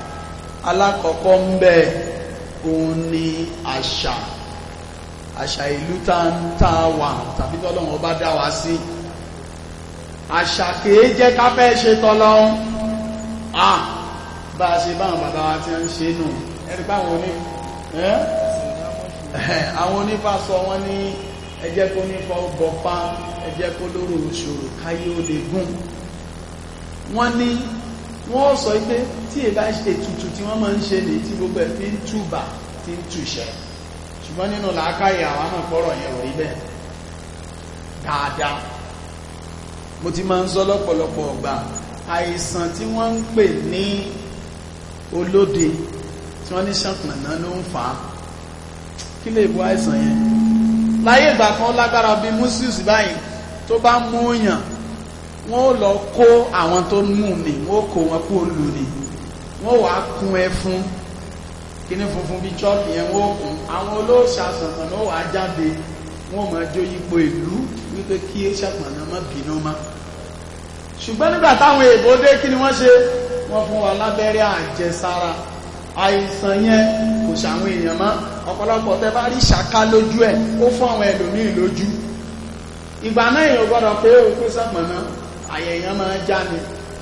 Speaker 1: alákọ̀ọ́kọ́ ń bẹ òun ni àṣà àṣà ìlú tá wà tàbí tọ́lọ́run ọba dá wa sí àṣà kìí jẹ́ ká ṣe tọ́lọ́run à bá a ṣe báwọn bàbá wa ti ń ṣe nù ẹni báwọn oní àwọn onífà sọ wọ́n ní ẹjẹ́ kó nífà ó bọ̀pá ẹjẹ́ kó lóru òṣòro káyé ó lè gùn wọ́n ní wọ́n sọ pé tí èbá ṣe ètùtù tí wọ́n máa ń ṣe lè tí gbogbo ẹ̀ fi ń túbà tí ń túṣẹ́ ṣùgbọ́n nínú làákàyè àwọn àmọ́ fọ́rọ̀ yẹn rí bẹ́ẹ̀ dáadáa mo ti máa ń sọ lọ́pọ̀lọpọ̀ ọgbà àìsàn tí wọ́n ń pè ní olóde tí wọ́n ní ṣàpọ̀nà ló ń fà á kí lè bu àìsàn yẹn láyé ìgbà kan lágbára bí musus báyìí tó bá mú yàn wọ́n ó lọ kó àwọn tó mú ni wọ́n ó kó wọn kú olù ni wọ́n wàá kún ẹ fún kíní funfun bí chọ́ọ̀kì yẹn wọ́n kún àwọn olóòṣà sọ̀tàn ó wà jáde wọ́n mọ̀ jó yípo ìlú wípé kí ṣàpànà mọ́ bínú má ṣùgbọ́n nígbà táwọn èèbó dé kí ni wọ́n ṣe wọ́n fún wa lábẹ́rẹ́ àjẹsára àìsàn yẹn kò ṣàwọn èèyàn mọ́ ọ̀pọ̀lọpọ̀ tẹ́ bá rí ṣàká lójú ẹ̀ ó fún àwọn ẹlòmíì lójú ìgbà náà èèyàn gbọ́dọ̀ pé ó pín sàpànà àyẹ̀yàn máa já ni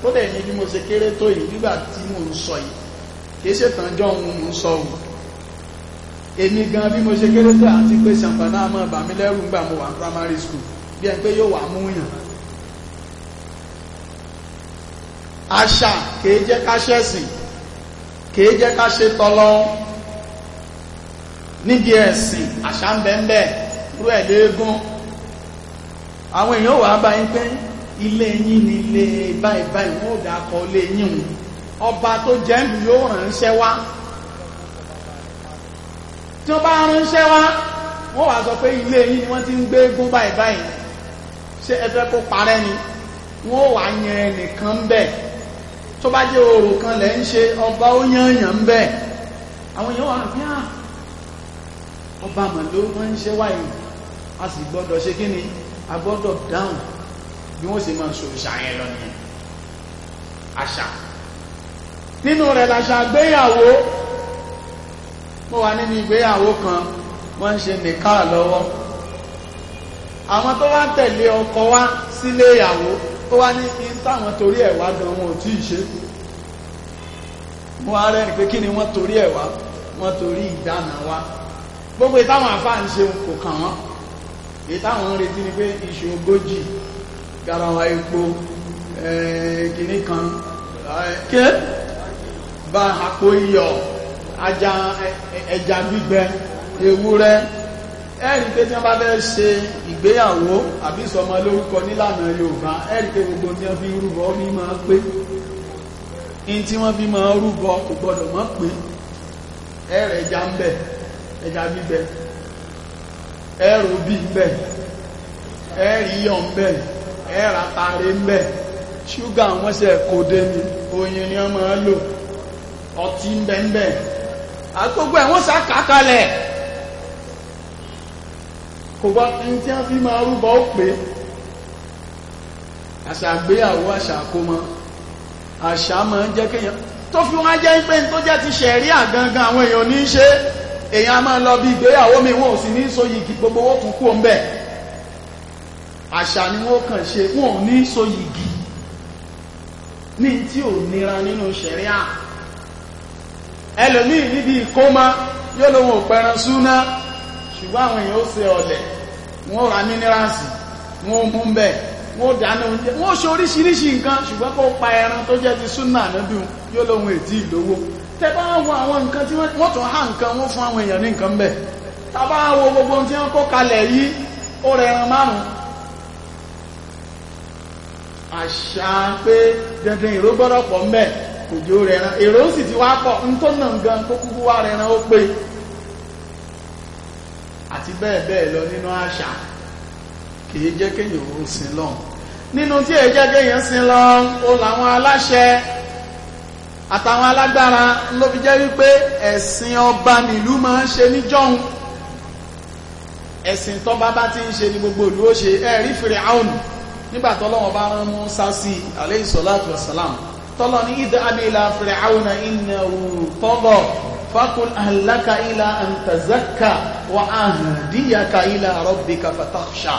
Speaker 1: ó dẹ̀ ní bí mo ṣe kéré tó yìí nígbà tí mò ń sọ yìí kìí ṣe tànjọ́ ohun mú sọ ohun èmi gan bí mo ṣe kéré tó àti pé ṣàǹfààní àmọ́ bà mí lẹ́rù ńgbà mo wà ní primary school bí ẹn pé yóò wà mú yàn àṣà kèé jẹ́ ká ṣẹ̀sìn kèé jẹ́ ká ṣe tọlọ nídìí ẹ̀sìn àṣà ń bẹ ń bẹ rú ẹ̀ léegun àwọn èèyàn wà báyìí pé ilé yín ni ilé báyìí báyìí wọ́n ò dákọ̀ ilé yín wọn ọba tó jẹ́ ìlú yóò ránṣẹ́ wá tí wọ́n bá ránṣẹ́ wá wọ́n wá sọ pé ilé yìí wọ́n ti ń gbé gún báyìí báyìí ṣé ẹ kó parẹ́ ni wọ́n wá yan ẹnìkan bẹ̀ tó bá jẹ́ òòrùn kan lẹ́ ń ṣe ọba ó yànyàn bẹ̀ àwọn èèyàn wà rẹ̀ bí ọba màló wọ́n ń ṣe wáyé a sì gbọ́dọ̀ ṣe kí ni a gbọ́dọ̀ dáhùn bí wọ́n ṣe máa ṣòrìṣà yẹn lọ nìyẹn àṣà nínú rẹ̀ làṣà gbéyàwó mo wà nínú ìgbéyàwó kan wọ́n ń ṣe nìka lọ́wọ́ àwọn tó wá tẹ̀lé ọkọ wá sílé ìyàwó tó wá ní táwọn torí ẹ̀ wá gan wọn ò tí ì ṣe mo wá rẹ́rìn pé kí ni wọ́n torí ẹ̀ wọ́n torí ìdáná wá gbogbo ìtàwọn àfáà ń ṣe kò kàn wọ́n ìtàwọn ń retí ni pé iṣu ogójì garawa epo eh, kìnnìkan eh, kí bá àpò iyọ̀ ajá ẹja gbígbẹ ewúrẹ́ ẹ̀rí pé tí wọ́n bá fẹ́ ṣe ìgbéyàwó àbí ìsọmọ lórúkọ nílànà Yorùbá ẹ̀rí pé gbogbo tí wọ́n fi rúbọ ní máa pé in tí wọ́n fi máa rúbọ kò gbọ́dọ̀ mọ́ pé ẹ̀rẹ̀ ẹja ń bẹ ẹja gbígbẹ ẹ̀rọ bí ń bẹ ẹ̀rí yọ̀ ń bẹ ẹ̀rà tààrí ń bẹ ṣúgà wọ́n ṣe kò dé ni oyin ni wọ́n máa lò ọtí ń bẹ ń bẹ àgbogbo ẹ̀ wọ́n sàkàkalẹ̀ kò wá ẹni tí a fi máa rúbọ ó pé àṣà àgbéyàwó àṣà àkómọ àṣà máa ń jẹ́ kéèyàn tó fi wọ́n jẹ́ pé tó jẹ́ ti ṣẹ̀rí àgangan àwọn èèyàn ní í ṣe èèyàn a máa lọ bí ìgbéyàwó mi wọn ò sì ní sóyè kí gbogbo owó tún kú òun àṣà ni wọ́n kàn ṣe wọn ò ní sóyè igi ní tí ò nira nínú ṣẹ̀ríà ẹlòmíì níbi ìkómá yóò lóhun òpẹran súná ṣùgbọ́n àwọn èèyàn ó ṣe ọ̀lẹ̀ wọ́n ra mínírànsì wọ́n mú bẹ̀ wọ́n dáná oúnjẹ ó ṣe oríṣiríṣi nǹkan ṣùgbọ́n kó pa ẹran tó jẹ́ ti súnà níbi yóò èdí ìlówó tẹ́bá àwọn nǹkan tí wọ́n tún há nǹkan wọ́n fún àwọn èèyàn ní nǹkan wo gbogbo tí wọ́n kó kalẹ̀ yìí ó rẹ pé dandan òjò rẹran èrò sì ti wá pọ̀ ń tó nà gan kó kúkú wá rẹran ó pé àti bẹ́ẹ̀ bẹ́ẹ̀ lọ nínú àṣà kìí jẹ́ kéèyàn ó sin lọ́n nínú tí èyí jẹ́ kéèyàn sin lọ́n ó làwọn aláṣẹ àtàwọn alágbára ló fi jẹ́ wípé ẹ̀sìn ọba nìlú máa ń ṣe níjọ́hun ẹ̀sìn tọ́ba bá ti ń ṣe ní gbogbo ìlú ó ṣe ẹ̀rí fìrì áùnù nígbà tọ́lọ́wọ́n bá rán Mùsá sí alayhi salatu wassalam tọ́lọ̀ ní ìdáàbí ilá fìrìáwùnà iná tọ́gọ̀ fákún àhàlákà ilá àǹtàzákà wà áhùndíyàkà ilá rọ́bìkà fàtàṣà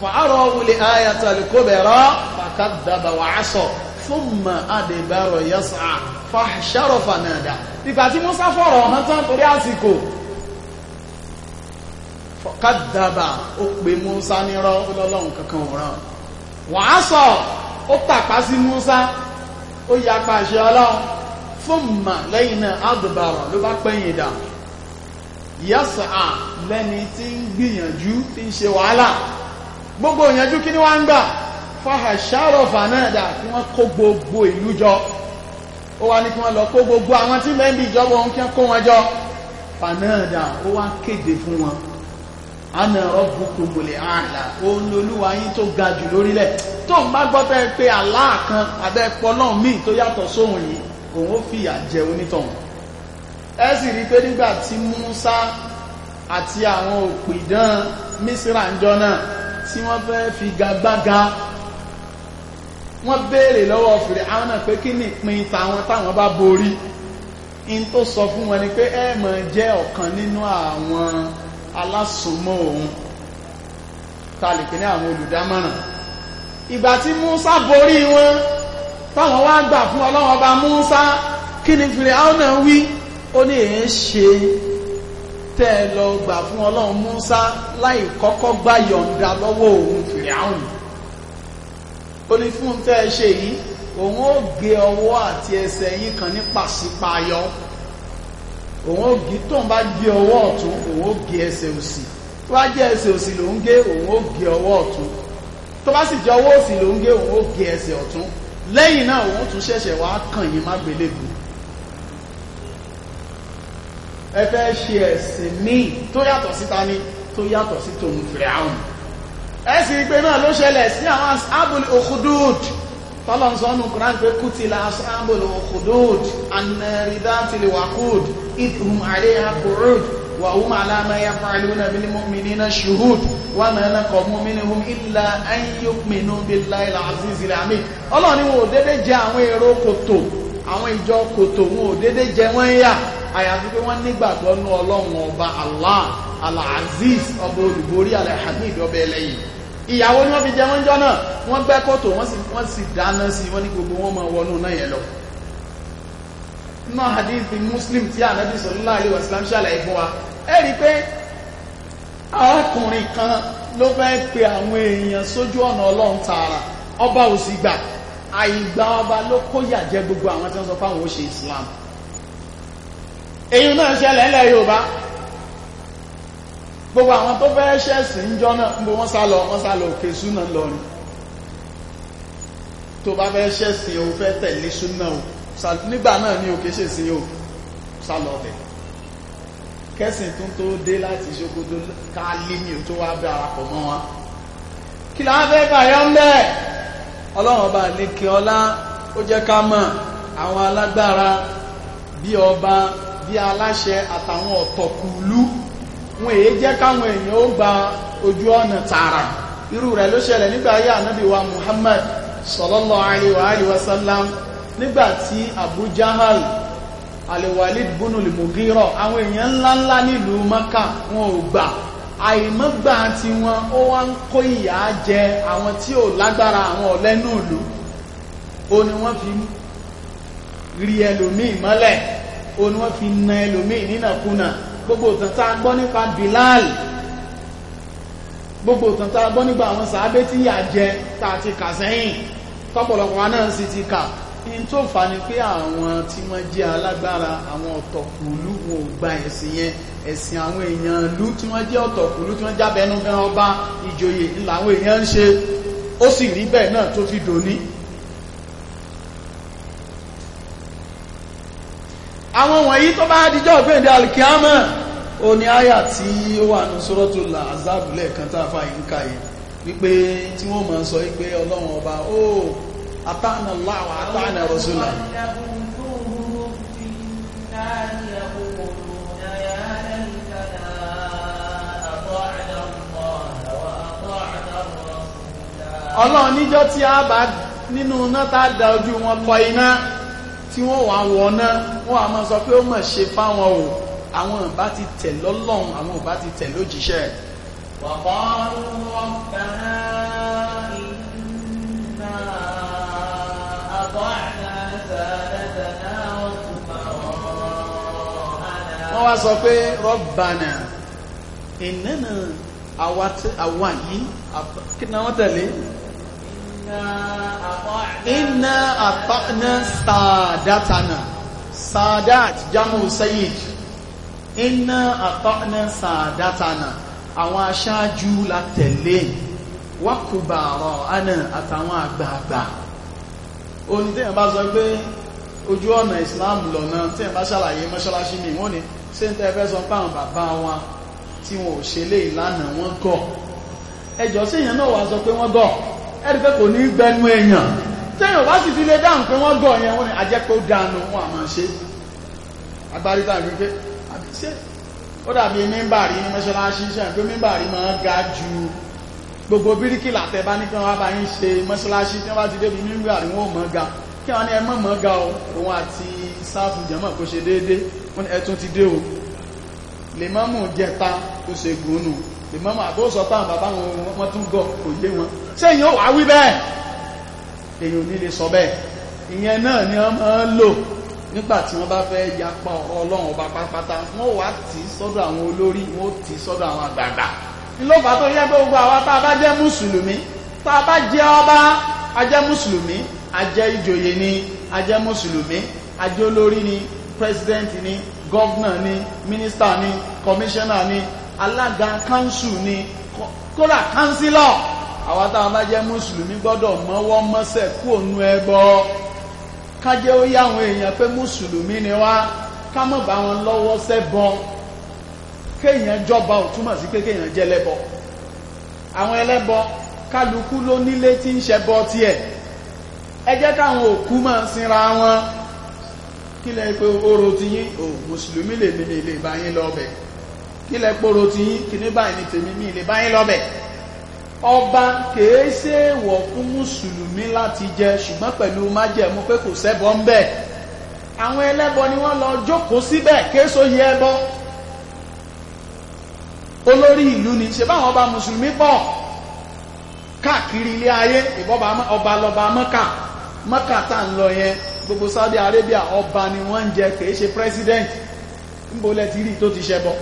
Speaker 1: fàárọ̀ wulẹ̀ ayàtà lùkọ́bẹ̀rọ̀ fàkàdàbà wà ásọ̀ fúnmà àdèbàrọ̀ yẹ́sà fàṣàrọ̀ fànàdà ìgbà tí musa fọ̀rọ̀ ọ̀hán tán torí àsìkò fàkàdàbà ó pe musa nírọ́ ó tàpá ó ya pàṣẹ ọlọ́run fún mà lẹ́yìn náà àdùbàrọ̀ ló bá pẹ́yìn ìdà yẹ́sà lẹ́ni tí ń gbìyànjú tí ń ṣe wàhálà gbogbo ìyànjú kí ni wọ́n ń gbà fàhàṣàrọ̀fà náà dà kí wọ́n kó gbogbo ìlú jọ ó wá ní kí wọ́n lọ kó gbogbo àwọn tí lẹ́ńdì ìjọba òun kí wọ́n kó wọn jọ fà ó wá kéde fún wọn ana rabbukumul a'la òun lolúwa yín tó ga jù lórílẹ̀ tó ń bá gbọ́tẹ́ pé Allah kan abẹ́pọ̀lọ́ míì tó yàtọ̀ sóhun yìí òun ó fìyà jẹ onítọ̀hún ẹ sì rí pé nígbà tí Musa àti àwọn òpìdán mísírà ń jọ náà tí wọ́n fẹ́ fi gagbága wọ́n béèrè lọ́wọ́ fìrí àwọn náà pé kí ni ìpín tàwọn táwọn bá borí in tó sọ fún wọn ni pé ẹ jẹ́ ọ̀kan nínú àwọn alásùnmọ́ òun tàlìkì ní àwọn olùdámọ̀ràn ìgbà tí Musa borí wọn táwọn wá gbà fún Ọlọ́run ọba Musa kí ni Fìràónà wí ó ní èé ṣe tẹ́ ẹ lọ gbà fún Ọlọ́run Musa láì kọ́kọ́ gbà yọ̀ǹda lọ́wọ́ òun Fìràónà ó ní fún tẹ́ ṣe yìí òun ó gé ọwọ́ àti ẹsẹ̀ yín kan ní pàṣípàyọ́ òun ó gé tóun bá gé ọwọ́ ọ̀tún òun ó gé ẹsẹ̀ òsì tó bá jẹ́ ẹsẹ̀ òsì lòun gé òun ó gé ọwọ́ ọ̀tún tó bá sì jẹ́ ọwọ́ òsì lòun gé òun ó gé ẹsẹ̀ ọ̀tún lẹ́yìn náà òun tún ṣẹ̀ṣẹ̀ wá kàn yín má gbélébùú ẹ fẹ́ ṣe ẹ̀sìn míì tó yàtọ̀ síta ni tó yàtọ̀ sí tòun fìrẹ́ àwọn ẹ sì náà ló ṣẹlẹ̀ sí àwọn abul okudud tọ́lọ́n sọ nù kúrán pé kú ti la sáàbò lò kùdùd anàrídá ti lè wà kùd ìtùm àrẹ àkùrùd wà ó máa lámà ya fàálù náà bí mímí náà ṣùhùd wà náà náà kọ̀ mú mímí hùm ìlà ayé mìínú bí láìlà àzízi lámì ọlọ́ni wọn ò dédé jẹ àwọn èrò kòtò àwọn ìjọ kòtò wọn ò dédé jẹ wọ́n yà àyàfi pé wọ́n nígbàgbọ́ nú ọlọ́run ọba allah alaziz ọba olùborí alhamid ọba ẹlẹ́yìn ìyàwó ni wọ́n fi jẹ wọ́n jọ náà wọ́n gbẹ́ kòtò wọ́n sì dáná sí wọ́n ní gbogbo wọn máa wọnú náà yẹn lọ náà hadith bí muslim tí ànábì sallallahu alaihi wasallam ṣàlàyé fún wa ẹ rí pé arákùnrin kan ló fẹ́ pe àwọn èèyàn sójú ọ̀nà ọlọ́run tààrà ọba ò sì gbà àìgbà ọba ló kó yàjẹ gbogbo àwọn tí wọ́n sọ fáwọn ó ṣe islam èyí náà ṣẹlẹ̀ ńlẹ̀ yorùbá gbogbo àwọn tó fẹ́ ṣẹ̀sì ń jọ náà gbogbo wọ́n sá lọ wọ́n sá lọ òkè súnà lọrin tó bá fẹ́ ṣẹ̀sì o fẹ́ tẹ̀lé súnà o nígbà náà ní òkè ṣèṣì o sá lọ kẹ́sìn tó tó dé láti ṣokodo káálí ni o tó wá bẹ arapọ̀ mọ́ wa kí la fẹ́ fàyọ́ ń bẹ́ẹ̀ ọlọ́run ọba àlekè ọlá ó jẹ́ ká mọ̀ àwọn alágbára bí ọba bí aláṣẹ àtàwọn ọ̀tọ̀kùlú wọn èyí jẹ́ káwọn èèyàn ó gba ojú ọ̀nà tààrà irú rẹ̀ ló ṣẹlẹ̀ nígbà ayé wa Muhammad sallallahu alaihi wa alihi wa sallam nígbà tí Abu Jahal al-Walid bunu al-Mughira àwọn èèyàn ńláńlá nílùú Maka wọn ò gbà àìmọ́gbà tí wọn ó wá ń kó ìyà jẹ àwọn tí ò lágbára àwọn ọ̀lẹ́nù ìlú ó ní wọ́n fi rí ẹlòmíì mọ́lẹ̀ ó ní wọ́n fi na ẹlòmíì nínàkúnà gbogbo ìtàn tá a gbọ́ nípa Bilal gbogbo ìtàn tá a gbọ́ nípa àwọn sàábé tí yà jẹ tá a ti kà sẹ́yìn tọ́pọ̀lọpọ̀ wa náà sì ti kà ní tó fà ní pé àwọn tí wọ́n jẹ́ alágbára àwọn ọ̀tọ̀kùlú wọn ò gba ẹ̀sìn yẹn ẹ̀sìn àwọn èèyàn ìlú tí wọ́n jẹ́ ọ̀tọ̀kùlú tí wọ́n jábẹ́nú fẹ́ ọba ìjòyè làwọn èèyàn ń ṣe ó sì rí bẹ́ẹ̀ náà tó fi dòní àwọn wọ̀nyí tó bá díjọ́ ọ̀gbẹ̀ndẹ̀ alkiyama o ní àyà tí ó wà ní suratul Ahzab lẹ́ẹ̀kan tá a fà yín ká yìí wípé tí wọ́n máa sọ wípé ọlọ́run ọba ó ata'na
Speaker 2: Allah wa ata'na ọlọ́run
Speaker 1: níjọ́ tí a bá nínú náà tá a dá ojú wọn kọ iná tí wọ́n wà wọ̀ná wọ́n a máa sọ pé ó mọ̀ ṣe fáwọn o àwọn ìbá ti tẹ̀ lọ́lọ́run àwọn ìbá ti tẹ̀ lójíṣẹ́ wọ́n wá sọ pé rọ́bànà ìnáná àwa yìí kí ni wọ́n tẹ̀lé iná àtọ́nà sadatana sadat jamu sayid iná àtọ́nà sàádátánà àwọn aṣáájú la tẹ̀lé wákùbàrọ̀ ánà àtàwọn àgbààgbà oní tí ẹ̀bá sọ pé ojú ọ̀nà islam lọ́nà tí ẹ̀bá ṣàlàyé mọ́ṣáláṣí mi wọ́n ni ṣe ń tẹ́ẹ̀fẹ́ sọ páwọn bàbá wa tí wọn ò ṣe lé ìlànà wọn gọ̀ ẹjọ́ sí ìyẹn náà wà ẹ̀rí pé kò ní gbẹnu èèyàn tẹ́yàn bá sì fi lè dáhùn pé wọ́n gọ̀ yẹn wọ́n ni ajẹ́pẹ́ ó dánu wọn àmọ́ ṣe agbáríta rí pé àbíṣẹ́ ó dàbí mímbàrí ní mọ́ṣáláṣí ṣe pé mímbàrí máa ga ju gbogbo bíríkìlà tẹ bá ní kí wọ́n bá yín ṣe mọ́ṣáláṣí tí wọ́n bá ti débi mímbàrí wọn ò mọ́ ga kí wọ́n ní ẹ mọ́ mọ́ ga o òun àti sáàfù jẹ́mọ̀ kó ṣe déédé wọ́n ni ẹ tún ti dé o lè mọ́mù jẹta kó ṣe gùn ìmọ́mọ̀ àbóòsọ páwọn bàbá wọn wọ́n tún gọ́ kò yé wọn ṣe èyàn wà wí bẹ́ẹ̀ èyàn ò ní lè sọ bẹ́ẹ̀ ìyẹn náà ni wọ́n máa ń lò nígbà tí wọ́n bá fẹ́ yapa ọ̀rọ̀ ọlọ́run ọba pátápátá wọ́n wá tì í sọ́dọ̀ àwọn olórí wọ́n tì í sọ́dọ̀ àwọn àgbààgbà ńlọ́fà tó yẹ pé gbogbo àwa tá a bá jẹ́ mùsùlùmí tá a bá jẹ́ ọba a jẹ́ mùsùlùmí a jẹ́ ìjòyè ni a jẹ́ mùsùlùmí a jẹ́ olórí ni president ni governor ni minister ni commissioner ni alága kánsù ni kódà kánsílọ̀ àwọn táwọn bá jẹ́ mùsùlùmí gbọ́dọ̀ mọ́wọ́ mọ́sẹ̀ kú ònú ẹbọ kájẹ́ ó yá àwọn èèyàn pé mùsùlùmí ni wá ká mọ̀ bá wọn lọ́wọ́ sẹ́bọ kéèyàn jọba ò túmọ̀ sí pé kéèyàn jẹ́ lẹ́bọ àwọn ẹlẹ́bọ kálukú ló nílé tí ń ṣẹbọ tiẹ̀ ẹ jẹ́ káwọn òkú máa sinra wọn kí lẹ́ pé oró ti yín ò mùsùlùmí lè mi lè bá yín lọ bẹ̀ẹ́ kílẹ̀ gbòòrò tí kíní báyìí ní tèmi mi lè báyìí lọ́bẹ̀ ọba kèé ṣe wọ̀ fún mùsùlùmí láti jẹ ṣùgbọ́n pẹ̀lú májẹ̀mú pé kò sẹ́bọ ń bẹ̀ àwọn ẹlẹ́bọ ni wọ́n lọ jókòó síbẹ̀ késo yẹ ẹbọ olórí ìlú ni ṣe báwọn ọba mùsùlùmí pọ̀ káàkiri ilé ayé ìbọba ọba lọba mọ́kà mọ́kà tá ń lọ yẹn gbogbo Saudi Arabia ọba ni wọ́n ń jẹ kèé president ń bolẹ̀ tí rí tó ti ṣẹbọ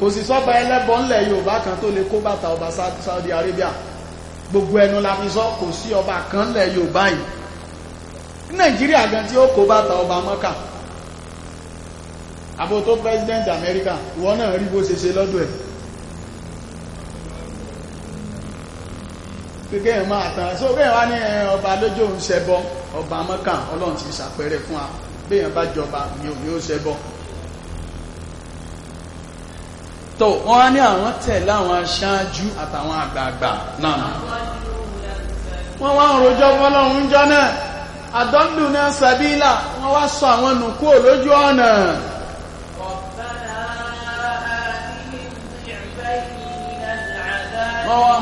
Speaker 1: kò sì sọ́ba ẹlẹ́bọ ńlẹ̀ yorùbá kan tó lè kó bàtà ọba Saudi Arabia gbogbo ẹnu la fi sọ kò sí ọba kan ńlẹ̀ yorùbá yìí nàìjíríà gan tí ó kó bàtà ọba mọ́kà àbò tó president America ìwọ náà rí bó ṣe ṣe lọ́dọ̀ ẹ̀ gẹ́gẹ́ ẹ̀ máa tàn so gẹ́gẹ́ wá ní ọba lójó ń ṣẹbọ ọba mọ́kà ọlọ́run ti ṣàpẹẹrẹ fún wa béèyàn bá jọba ni ò ní ó ṣẹbọ tó wọ́n ní àwọn tẹ̀lé àwọn aṣáájú àtàwọn àgbààgbà náà wọ́n wá ń rojọ́ fọ́lọ́run jọ náà àdọ́ndù náà sàbílà wọ́n wá sọ àwọn nù kúrò lójú ọ̀nà wọ́n wá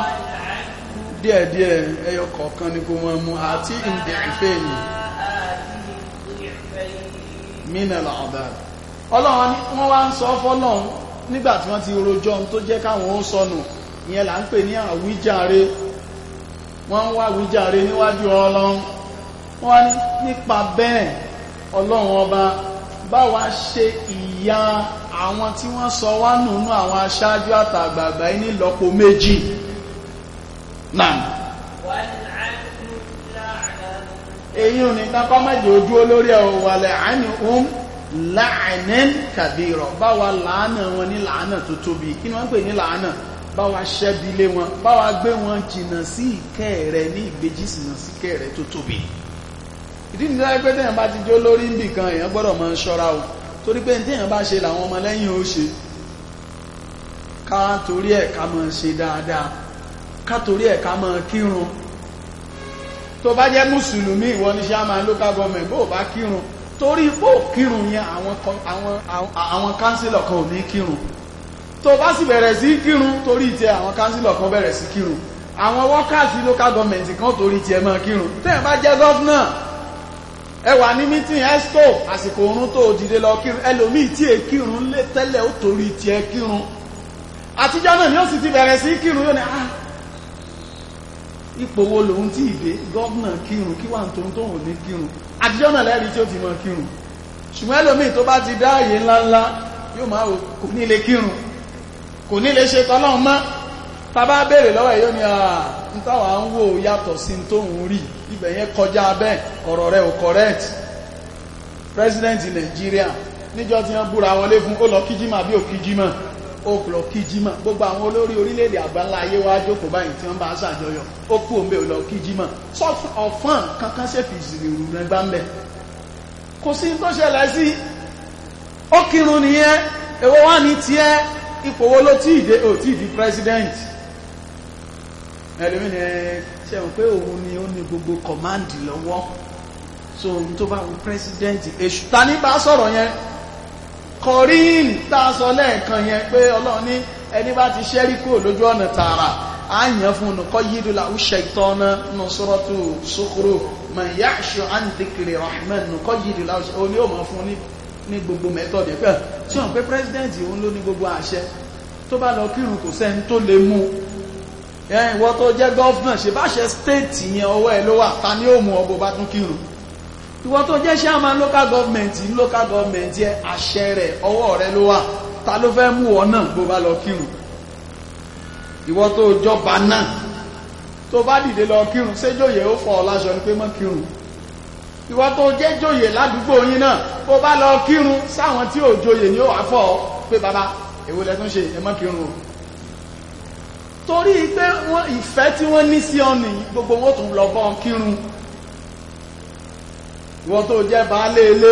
Speaker 1: díẹ̀díẹ̀ ẹyọ kọ̀ọ̀kan ni kò wọ́n mú àti ìdẹ̀ ìfẹ́ ni mínà làbàdà ọlọ́run wọ́n wá ń sọ fọ́lọ́run nígbà tí wọ́n ti rojọ́ ohun tó jẹ́ káwọn ó sọnù ìyẹn là ń pè ní àwíjàre wọ́n ń wá àwíjàre níwájú ọlọ́run wọ́n ní nípa bẹ́ẹ̀ ọlọ́run ọba báwa ṣe ìyà àwọn tí wọ́n sọ wá nùnú àwọn aṣáájú àtàgbàgbà ní lọ́pọ̀ méjì náà èyí ò ní tápá mẹ́jọ ojú olórí ọ̀wàlẹ̀ àánú láàánẹ́n kàbírọ̀ báwa làánà wọn ní làánà tó tóbi kí ni wọ́n ń pè ní làánà báwa ṣẹ́bilé wọn báwa gbé wọn jìnnà sí ìkẹ́ rẹ ní ìgbéjì sìnà sí ìkẹ́ rẹ tó tóbi ìdí nìyá pé téèyàn bá ti jó lórí ń bì kan èèyàn gbọ́dọ̀ máa ń ṣọ́ra o torí pé téèyàn bá ṣe làwọn ọmọ lẹ́yìn ó ṣe ká torí ẹ̀ ká máa ṣe dáadáa ká torí ẹ̀ ká máa kírun tó bá jẹ́ mùsùlùmí ìwọ torí pò kírun yẹn àwọn kánsílọ̀ kan ò ní kírun tó bá sì bẹ̀rẹ̀ sí kírun torí tẹ àwọn kánsílọ̀ kan bẹ̀rẹ̀ sí kírun àwọn wọ́kàtí local government kan torí tẹ mọ́ kírun tẹ́ẹ̀ bá jẹ́ gọ́fúnà ẹ wà ní mítìn esco àsìkò oorun tó dìde lọ kírun ẹlòmíì tí è kírun lé tẹ́lẹ̀ ó torí tẹ kírun àtijọ́ náà ni ó sì ti bẹ̀rẹ̀ sí kírun yóò ní ah ipò wo lòun tí ìdè gọ́ọ̀nà kírun kí wà ń tó ń tóhùn ní kírun àtijọ́ náà lẹ́rí tí ó ti mọ kírun ṣùgbọ́n ẹlòmíì tó bá ti dá àyè ńláńlá yóò máa wò kò ní lè kírun kò ní lè ṣe tọ́lọ́run mọ́ tàbá béèrè lọ́wọ́ yóò ní àà ń wò yàtọ̀ correct president Nigeria níjọ́ tí wọ́n búra wọlé fún ó lọ kíjímà bí ò kíjímà okùrọ̀ kìjìmọ̀ gbogbo àwọn olórí orílẹ̀-èdè àgbáńlá ayé wá jókòó báyìí tí wọ́n bá ń ṣàjọyọ̀ ó kú òǹbẹ̀ ò lọ kìjìmọ̀ ọ̀fọ́n kankan ṣe fi ìsìnkú ìrù kò sí tó ṣẹlẹ̀ sí ó kírun nìyẹn èwo ní gbogbo command lọ́wọ́ so ohun tó bá wọn president èṣù kọ̀rín tá a sọ lẹ́ẹ̀kan yẹn pé ọlọ́run ní ẹni bá ti ṣẹ́rí kúrò lójú ọ̀nà tààrà àyàn fún un kọ́ yídú làwọn ṣẹ̀tọ́ náà nù sọ́rọ́tù sókòrò mọ̀ ìyá àṣọ àǹdíkiri rahman nù kọ́ yídú làwọn ṣẹ̀tọ́ ní òmò fún ní gbogbo mẹ́tọ̀dì pẹ̀ tí wọ́n pé pírẹ́sidẹ́ǹtì òun ló ní gbogbo àṣẹ tó bá lọ kírun kò sẹ́ni tó lè mú ìwọ tó jẹ́ gọ́fúnà ṣe bá ṣe stéètì yẹn ọwọ́ ẹ ló wà ta ní òmù ọgbọ̀ bá tún kírun ìwọ tó jẹ́ chairman local government ní local government yẹ àṣẹ rẹ̀ ọwọ́ rẹ̀ ló wà ta ló fẹ́ mú ọ náà bó bá lọ kírun ìwọ tó jọba náà tó bá dìde lọ kírun séjòyè ó fọ ọ láṣọ ni pé mọ́ kírun ìwọ tó jẹ́ jòyè ládùúgbò yín náà bó bá lọ kírun sáwọn tí ò jòyè ni ó wà fọ ọ pé bàbá èwo lẹ tún ṣe ẹ mọ́ kírun o torí pé ìfẹ́ tí wọ́n ní sí ọ nìyí gbogbo wọn tún lọ bọ́ kírun wọ́n tó jẹ́ baálé ilé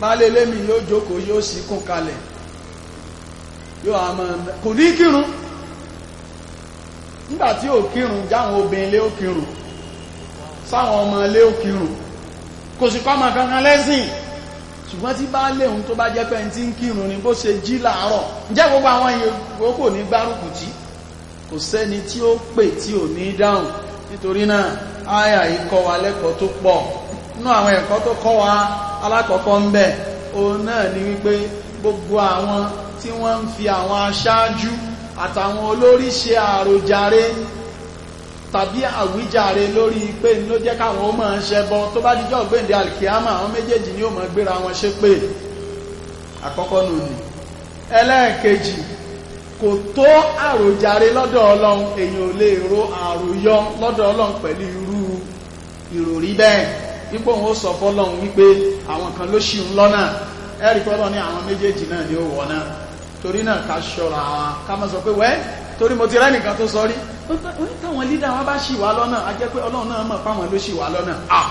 Speaker 1: baálé ilé mi yóò jókòó yóò sì kún kalẹ̀ yóò àmọ́ kò ní kírun tí ò kírun jáwọn obìnrin lé ó kírun sáwọn ọmọ lé ó kírun kò sì kọ́mọ kankan lẹ́sìn ṣùgbọ́n tí baálé òun tó bá jẹ́ pé ẹni tí ń kírun ni bó ṣe jí làárọ̀ ǹjẹ́ gbogbo àwọn ìyókò kò ní gbárùkù tì kò sẹ́ni tí ó pè tí ò ní dáhùn nítorí náà áyà yìí kọ́ wa lẹ́kọ̀ọ́ tó pọ̀ nínú àwọn ẹ̀kọ́ tó kọ́ wa alákọ̀ọ́kọ́ ń bẹ̀ òun náà ni wípé gbogbo àwọn tí wọ́n ń fi àwọn aṣáájú àtàwọn olórí ṣe àròjàre tàbí àwíjàre lórí pé ló jẹ́ káwọn ó máa ṣẹbọ tó bá dijọ́ gbèǹde alkiyama àwọn méjèèjì ni ó máa gbéra wọn ṣépè àkọ́kọ́ lónìí ẹlẹ́ẹ̀kejì kò tó àròjàre lọ́dọ̀ ọlọ́run èèyàn ò lè ro àròyọ lọ́dọ̀ ọlọ́run pẹ̀lú irú ìròrí bẹ́ẹ̀ wípé òun ó sọ fọ́lọ́run wípé àwọn kan ló ṣì ń lọ́nà ẹ̀rí pọ́lọ́ ní àwọn méjèèjì náà ni ó wọ̀ náà torí náà ká ṣọ́ra wa ká má sọ pé wẹ́ torí mo ti rẹ́nìkan tó sọ rí táwọn lídà wọn bá ṣì wá lọ́nà a jẹ́ pé ọlọ́run náà mọ̀ páwọn ló ṣì wá lọ́nà à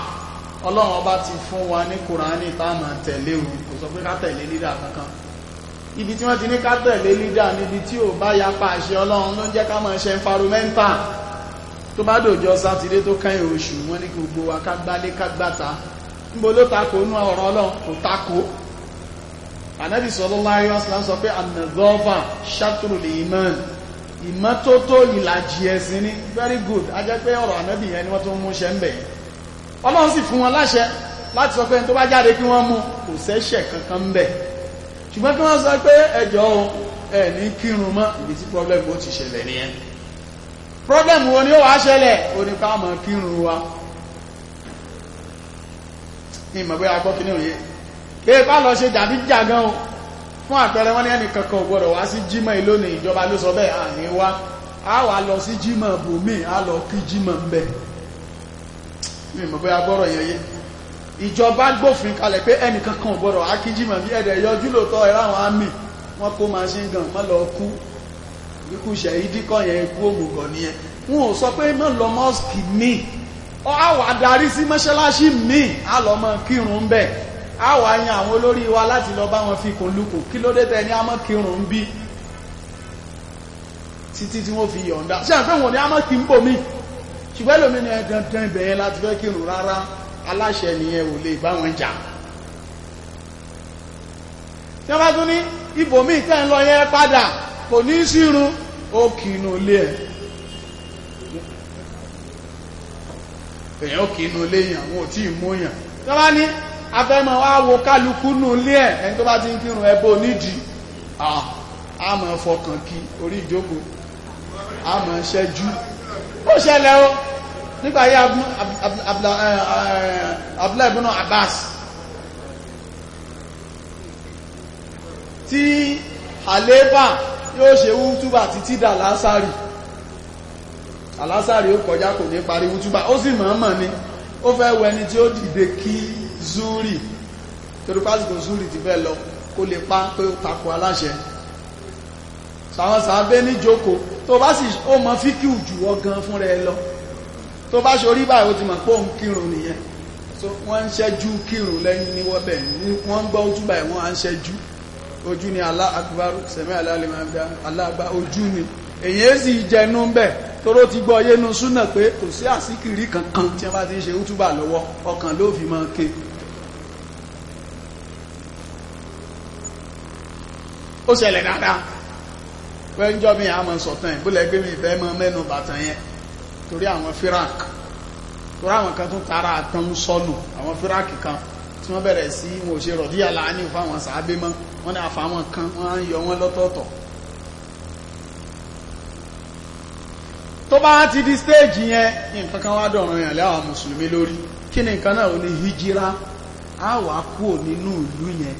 Speaker 1: tó bá dòjọ́ sátidé tó kẹ́yìn oṣù wọ́n ní gbogbo wa ká gbálé ká gbáta níbo ló takò nú ọ̀rọ̀ ọlọ́run kò takò ànábì sallallahu alaihi wasallam sọ pé anadọ́fà ṣàtúrò lè iman ìmọ́tótó ìlàjì ẹ̀sìn ní very good a jẹ́ pé ọ̀rọ̀ ànábì yẹn ni wọ́n tó ń múṣẹ́ ń bẹ̀ yẹn ọlọ́run sì fún wọn láṣẹ láti sọ pé tó bá jáde kí wọ́n mú kò sẹ́ṣẹ̀ kankan bẹ̀ ṣùgbọ́n kí wọ́n sọ pé ẹjọ́ ẹ̀ ní kírun mọ́ ìdí tí problem ó ti ṣẹlẹ̀ nìyẹn problem wo ni ó wá ṣẹlẹ̀ onípa ọmọ kírun wa ní ìmọ̀ bóyá gbọ́ kíní òye kéè bá lọ ṣe jàdí jàgán o fun àpẹẹrẹ wọn ní ẹnì kankan gbọdọ̀ wá sí jímọ̀ ìlónìí ìjọba ló sọ bẹ́ẹ̀ àní wa. a wà lọ sí jímọ̀ bòmí a lọ ki jímọ̀ ń bẹ̀ ní ìmọ̀ bóyá gbọ́rọ̀ yẹn yé ìjọba gbófin kalẹ̀ pé ẹnì kankan gbọdọ̀ wá kí jímọ̀ bí ẹ̀dẹ̀ yọjú lóòótọ́ ẹ̀ láwọn àmì wọn kó máa ṣe ń gàn wọn lọ kú ikú ṣẹ̀yídí kọ́ yẹn ikú òmùgọ̀ nìyẹn wọn ò sọ pé mọ́ lọ mọ́sìkì mi a wà sí mọ́ṣáláṣí mi a lọ mọ́ kírun bẹ́ẹ̀ a wà yan àwọn olórí wa láti lọ bá wọn fi kùn lukùn kí ló dé tẹ ní a mọ́ kírun bí títí tí wọ́n fi yọ̀ǹda ṣé àpé wọn ni a mọ́ kí n bò mí ṣùgbọ́n lómi ni dandan ibẹ̀ yẹn láti fẹ́ kírun rárá aláṣẹ nìyẹn ò lè bá wọn jà tí wọ́n bá tún ní ibòmíì tẹ́ ń lọ yẹn padà kò ní sírun ó kìínú ilé ẹ̀ èyàn ó kìínú ilé yàn wọn ò tí ì múyàn tó bá ní afẹ́mọ̀ wá wo kálukú nù ilé ẹ̀ ẹni tó bá ti ń kírun ẹbọ nídìí àmọ́ fọkàn kí orí ìjókòó àmọ́ ṣẹ́jú ó ṣẹlẹ̀ ó nígbà yí eh, eh, Abdullah ibn Abbas tí àlébà yóò ṣe wútúbà títí dà lásàrì alásàrì ó kọjá kò ní parí wútúbà ó sì mọ̀ọ́mọ̀ ni ó fẹ́ wọ ẹni tí ó dìde kí zuri, torí pásítò zúrì ti fẹ́ lọ kó lè pa pé ó tako aláṣẹ sàwọn sàábé níjókòó tó bá sì ó mọ fíkì jù ọ gan fún rẹ lọ tó bá ṣorí báyìí ó ti mọ̀ pé òun kírun nìyẹn so wọ́n ń ṣẹ́jú kírun lẹ́yìn níwọ́bẹ̀ wọ́n ń gbọ́ ojú báyìí wọ́n á ń ṣẹ́jú ojú ni Allahu Akbar sẹ̀mí aláàlèmọ́gbà aláàgbà ojú ni èyí é sì jẹnu ń bẹ̀ tóró ti gbọ́ yénu súnà pé kò sí àsíkiri kankan tí wọ́n bá ti ń ṣe útúbà lọ́wọ́ ọkàn ló fi máa ké ó ṣẹlẹ̀ dáadáa pẹ́ńjọ́ mi àmọ́ sọ̀tàn ẹ̀ bólẹ̀ gbé mi ìfẹ́ mọ́ mẹ́nu bàtàn yẹn torí àwọn firak torí àwọn kan tún tara àtàn sọnù àwọn firak kan tí wọ́n bẹ̀rẹ̀ sí wọ́n ṣe rọ̀dí aláàánì fáwọn sàábé mọ́ wọ́n ní àfàwọn kan wọ́n ń yọ wọ́n lọ́tọ̀ọ̀tọ̀ tó bá ti di stage yẹn nǹkan kan wá dọ̀rọ̀ yàn láwọn mùsùlùmí lórí kí ni nǹkan náà ó ní hijira a wà kúrò nínú ìlú yẹn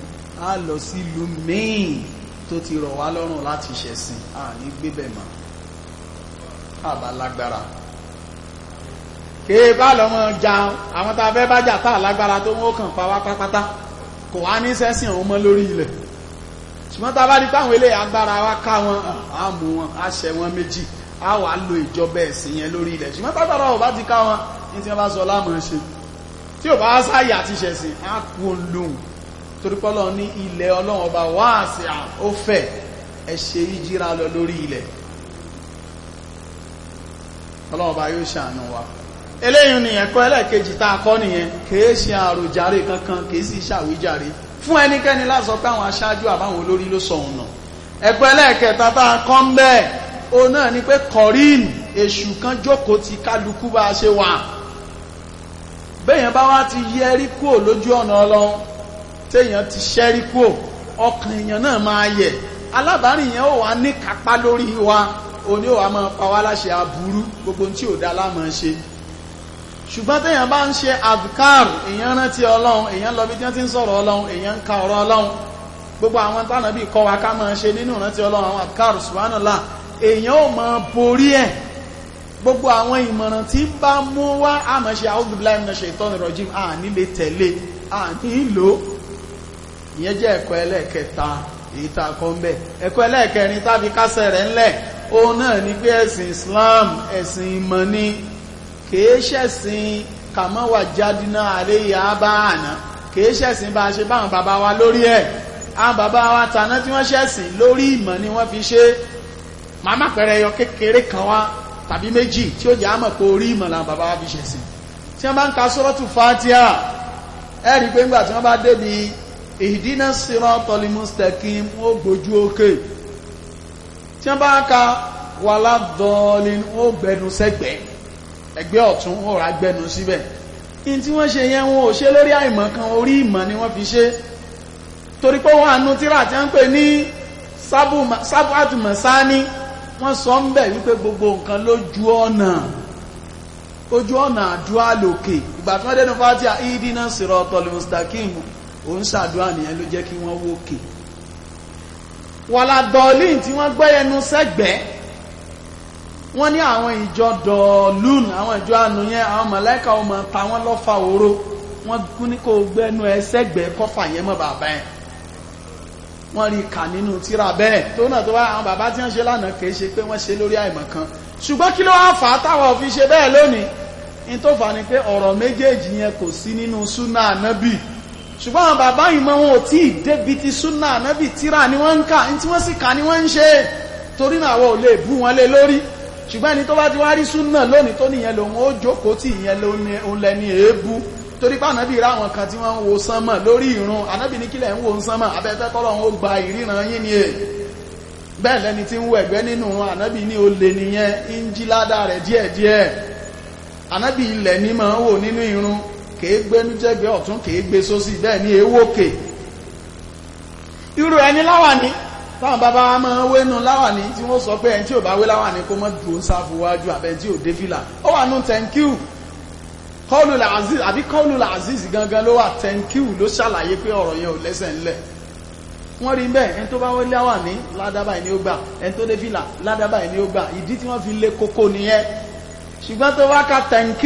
Speaker 1: a lọ sí ìlú míì tó ti rọ̀ wá lọ́rùn láti ṣẹ̀sìn a ní gbébẹ̀ mọ́ àbá kèé bá lọ́mọ ja àwọn tá a fẹ́ bá jà tá lágbára tó wọ́n kàn pa pátápátá kò wá ní sẹ́sìn àwọn ọmọ lórí ilẹ̀ ṣùgbọ́n tá a bá di táwọn ilé agbára wa ká wọn á mú wọn á ṣẹ wọn méjì á wà á lo ìjọba ẹ̀sìn yẹn lórí ilẹ̀ ṣùgbọ́n tágbára ò bá ti ká wọn ní tí wọ́n bá sọ láàmú ṣe tí ò bá sáyè àti ṣẹ̀sìn á kú olóhùn torí pọ́lọ́ ní ilẹ̀ ọlọ́run ọba wáàsì eléyìn ni ẹ̀kọ́ ẹlẹ́ẹ̀kejì tá a kọ́ nìyẹn kìí ṣe àròjàre kankan kìí sì ṣàwíjàre fún ẹnikẹ́ni láti sọ pé àwọn aṣáájú àbáwọn olórí ló sọ ọ̀nà ẹ̀kọ́ ẹlẹ́ẹ̀kẹta tá a kọ́ ń bẹ́ẹ̀ o náà ni pé kọ̀rín èṣù kan jókòó ti kálukú bá a ṣe wà béèyàn bá wá ti yẹrí kúò lójú ọ̀nà ọlọ́run téèyàn ti ṣẹ́rí kúò ọkàn èèyàn náà máa yẹ̀ alábàárìn yẹn ó wà ní kápá lórí wa òní ó wà máa pa wá láṣẹ aburú gbogbo tí ò dá láàmú ṣe ṣùgbọ́n téèyàn bá ń ṣe adkar èèyàn rántí ọlọ́run èèyàn lọ bí tí wọ́n ti ń sọ̀rọ̀ ọlọ́run èèyàn ń ka ọ̀rọ̀ ọlọ́run gbogbo àwọn tánà bí kọ́ wa ká máa ṣe nínú rántí ọlọ́run àwọn adkar subhanallah èèyàn ò mọ borí ẹ̀ gbogbo àwọn ìmọ̀ràn tí ń bá mú wá àmọ́ ṣe a'udhu billahi Islam ẹ̀sìn ìmọ̀ kìí ṣẹ̀sìn kàmọ́wà jádínà àríyá bá àná kìí bá a ṣe báwọn bàbá wa lórí ẹ̀ àwọn bàbá wa taná tí wọ́n ṣẹ̀sìn lórí ìmọ̀ ni wọ́n fi ṣe màmá pẹ̀rẹ̀ ẹyọ kékeré kan wá tàbí méjì tí ó jẹ́ àmọ̀ pé orí ìmọ̀ làwọn bàbá wa fi ṣẹ̀sìn tí wọ́n bá ń ka sọ́rọ́tù fatia ẹ rí i pé ńgbà tí wọ́n bá débi ìdínà siratal mustaqim ó gbójú òkè tí wọ́n bá ń ka wàlá dọ́ọ̀lì ó gbẹnu ẹgbẹ́ ọ̀tún wọ́n rà gbẹnu síbẹ̀ in tí wọ́n ṣe yẹn wọn ò ṣe lórí àìmọ̀ kan orí ìmọ̀ ni wọ́n fi ṣe torí pé wọ́n àánú tíra tí wọ́n pè ní sábù àtùmọ̀sáání wọ́n sọ ń bẹ̀ wípé gbogbo nǹkan lójú ọ̀nà ojú ọ̀nà àdúrà lòkè ìgbà tí wọ́n dẹ́nu fátíà ìdínà sírátọl mustaqim òun ṣàdúrà nìyẹn ló jẹ́ kí wọ́n wókè wàlàdọ̀ọ́lì tí wọ́n gbẹ́yẹnu sẹ́gbẹ̀ẹ́ wọ́n ní àwọn ìjọ dọ̀ọ̀lùn àwọn ìjọ ànú yẹn àwọn mọ̀lẹ́kà ọmọ ta wọ́n lọ́fà oró wọ́n kún ní kó gbẹ́nu ẹsẹ́gbẹ́ kọ́fà yẹn mọ́ bàbá yẹn wọ́n rí kà nínú tíra bẹ́ẹ̀ tó náà tó bá àwọn bàbá tí wọ́n ṣe lánàá kìí ṣe pé wọ́n ṣe lórí àìmọ̀ kan ṣùgbọ́n kí ló wá fà á táwọn òfin ṣe bẹ́ẹ̀ lónìí in tó fà ni pé ọ̀rọ̀ méjèèjì yẹn kò sí nínú súnà ànábì ṣùgbọ́n àwọn bàbá yìí mọ́ wọn ò tí ì débi ti súnà ànábì tíra ni wọ́n ń kà ní tí wọ́n sì kà ni wọ́n ń ṣe torí náà àwọn ò lè bú wọn lé lórí ṣùgbọ́n ẹni tó bá ti wá rí súnà lónìí tó nìyẹn lòun ó jókòó tí ìyẹn lòun lẹni èébú torí pé ànábì rá kan tí wọ́n ń wo sánmọ̀ lórí ìrun ànábì ní kílẹ̀ ń wo sánmọ̀ abẹ́fẹ́ kọ́lọ́run ó gba ìríran ni è bẹ́ẹ̀ lẹni tí ń wo ẹ̀gbẹ́ nínú ní olè nìyẹn ń jí rẹ̀ díẹ̀díẹ̀ ni èé irú ẹni láwà ni táwọn bàbá wa máa ń wénu láwàní tí wọ́n sọ pé ẹni tí ò bá wé láwàní kó mọ́ dùn sáfù wájú àbẹ́ tí ò dé fìlà ó wà nù thank you kọlù làzíz àbí kọlù làzíz gangan ló wà thank ló ṣàlàyé pé ọ̀rọ̀ yẹn ò lẹ́sẹ̀ ńlẹ̀ wọ́n rí bẹ́ẹ̀ ẹni tó bá wọlé àwà ní ládàbà ẹni ó gbà ẹni tó dé fìlà ládàbà ẹni ó gbà ìdí tí wọ́n fi lé kókó nìyẹn ṣùgbọ́n tó wá ka thank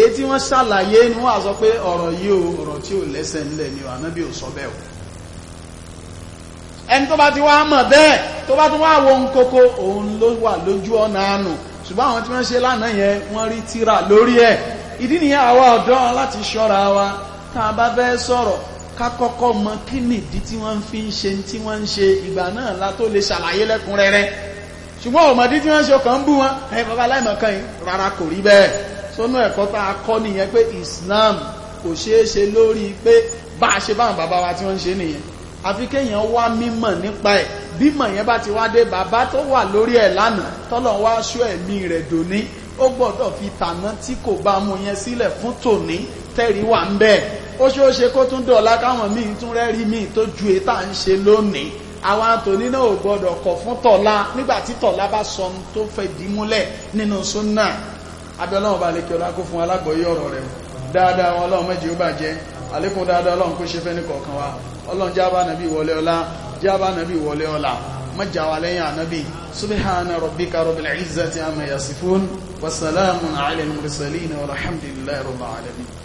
Speaker 1: èyí tí wọ́n ṣàlàyé ni wọ́n á sọ pé ọ̀rọ̀ yìí ò ọ̀rọ̀ tí ò lẹ́sẹ̀ ńlẹ̀ ni ò ẹni tó bá ti wá mọ̀ bẹ́ẹ̀ tó bá tún wá wo ń kókó òun ló wà lójú ọ̀nà àánú ṣùgbọ́n àwọn tí wọ́n ṣe lánàá yẹn wọ́n rí tírà lórí ẹ̀ ìdí nìyẹn àwa ọ̀dọ́ láti ṣọ́ra wa tá a bá fẹ́ sọ̀rọ̀ ká kọ́kọ́ mọ kí nìdí tí wọ́n fi ń ṣe tí wọ́n ń ṣe ìgbà náà la tó lè ṣàlàyé lẹ́kùnrẹ́rẹ́ ṣùgbọ́n ọ̀mọ̀dí tí wọ́n ṣe ọkàn ń bú wọn ẹ bàbá aláìmọ̀kan yìí rárá kò rí bẹ́ẹ̀ sónú ẹ̀kọ́ tá a kọ́ nìyẹn pé Islam kò ṣeé ṣe lórí pé bá a ṣe báwọn bàbá wa tí wọ́n ń ṣe nìyẹn àfi kéèyàn wá mímọ̀ nípa ẹ̀ bímọ̀ yẹn bá ti wá dé bàbá tó wà lórí ẹ̀ lánàá tọ́lọ̀ wá aṣọ ẹ̀mí rẹ̀ dòní ó gbọ́dọ̀ fi tàná tí kò bá mu yẹn sílẹ̀ fún tòní tẹ́rí wà ń bẹ́ẹ̀ ó ṣe ó ṣe kó tún dọ̀la káwọn míì tún rẹ́rí míì tó ju èyí tá à ń ṣe lónìí àwọn àtòní náà ò gbọ́dọ̀ kọ̀ fún tọ̀la nígbà tí tọ̀la bá sọ ohun tó fẹ́ dìímúlẹ̀ nínú súnà abiola ọba lè kí ọlá fún alágbọ̀ọ́yé ọ̀rọ̀ rẹ̀ dáadáa wọn ọlọ́run ó bàjẹ́ àlékún dáadáa ọlọ́run kó ṣe fẹ́ ní kọ̀ọ̀kan wa ọlọ́run jábá nàbí wọlé ọlá jábá nàbí wọlé ọlá mọ́jáwà lẹ́yìn ànábì subhana rabbika rabbil izzati amma yasifun wa salamun ala al mursalin walhamdulillahi rabbil alamin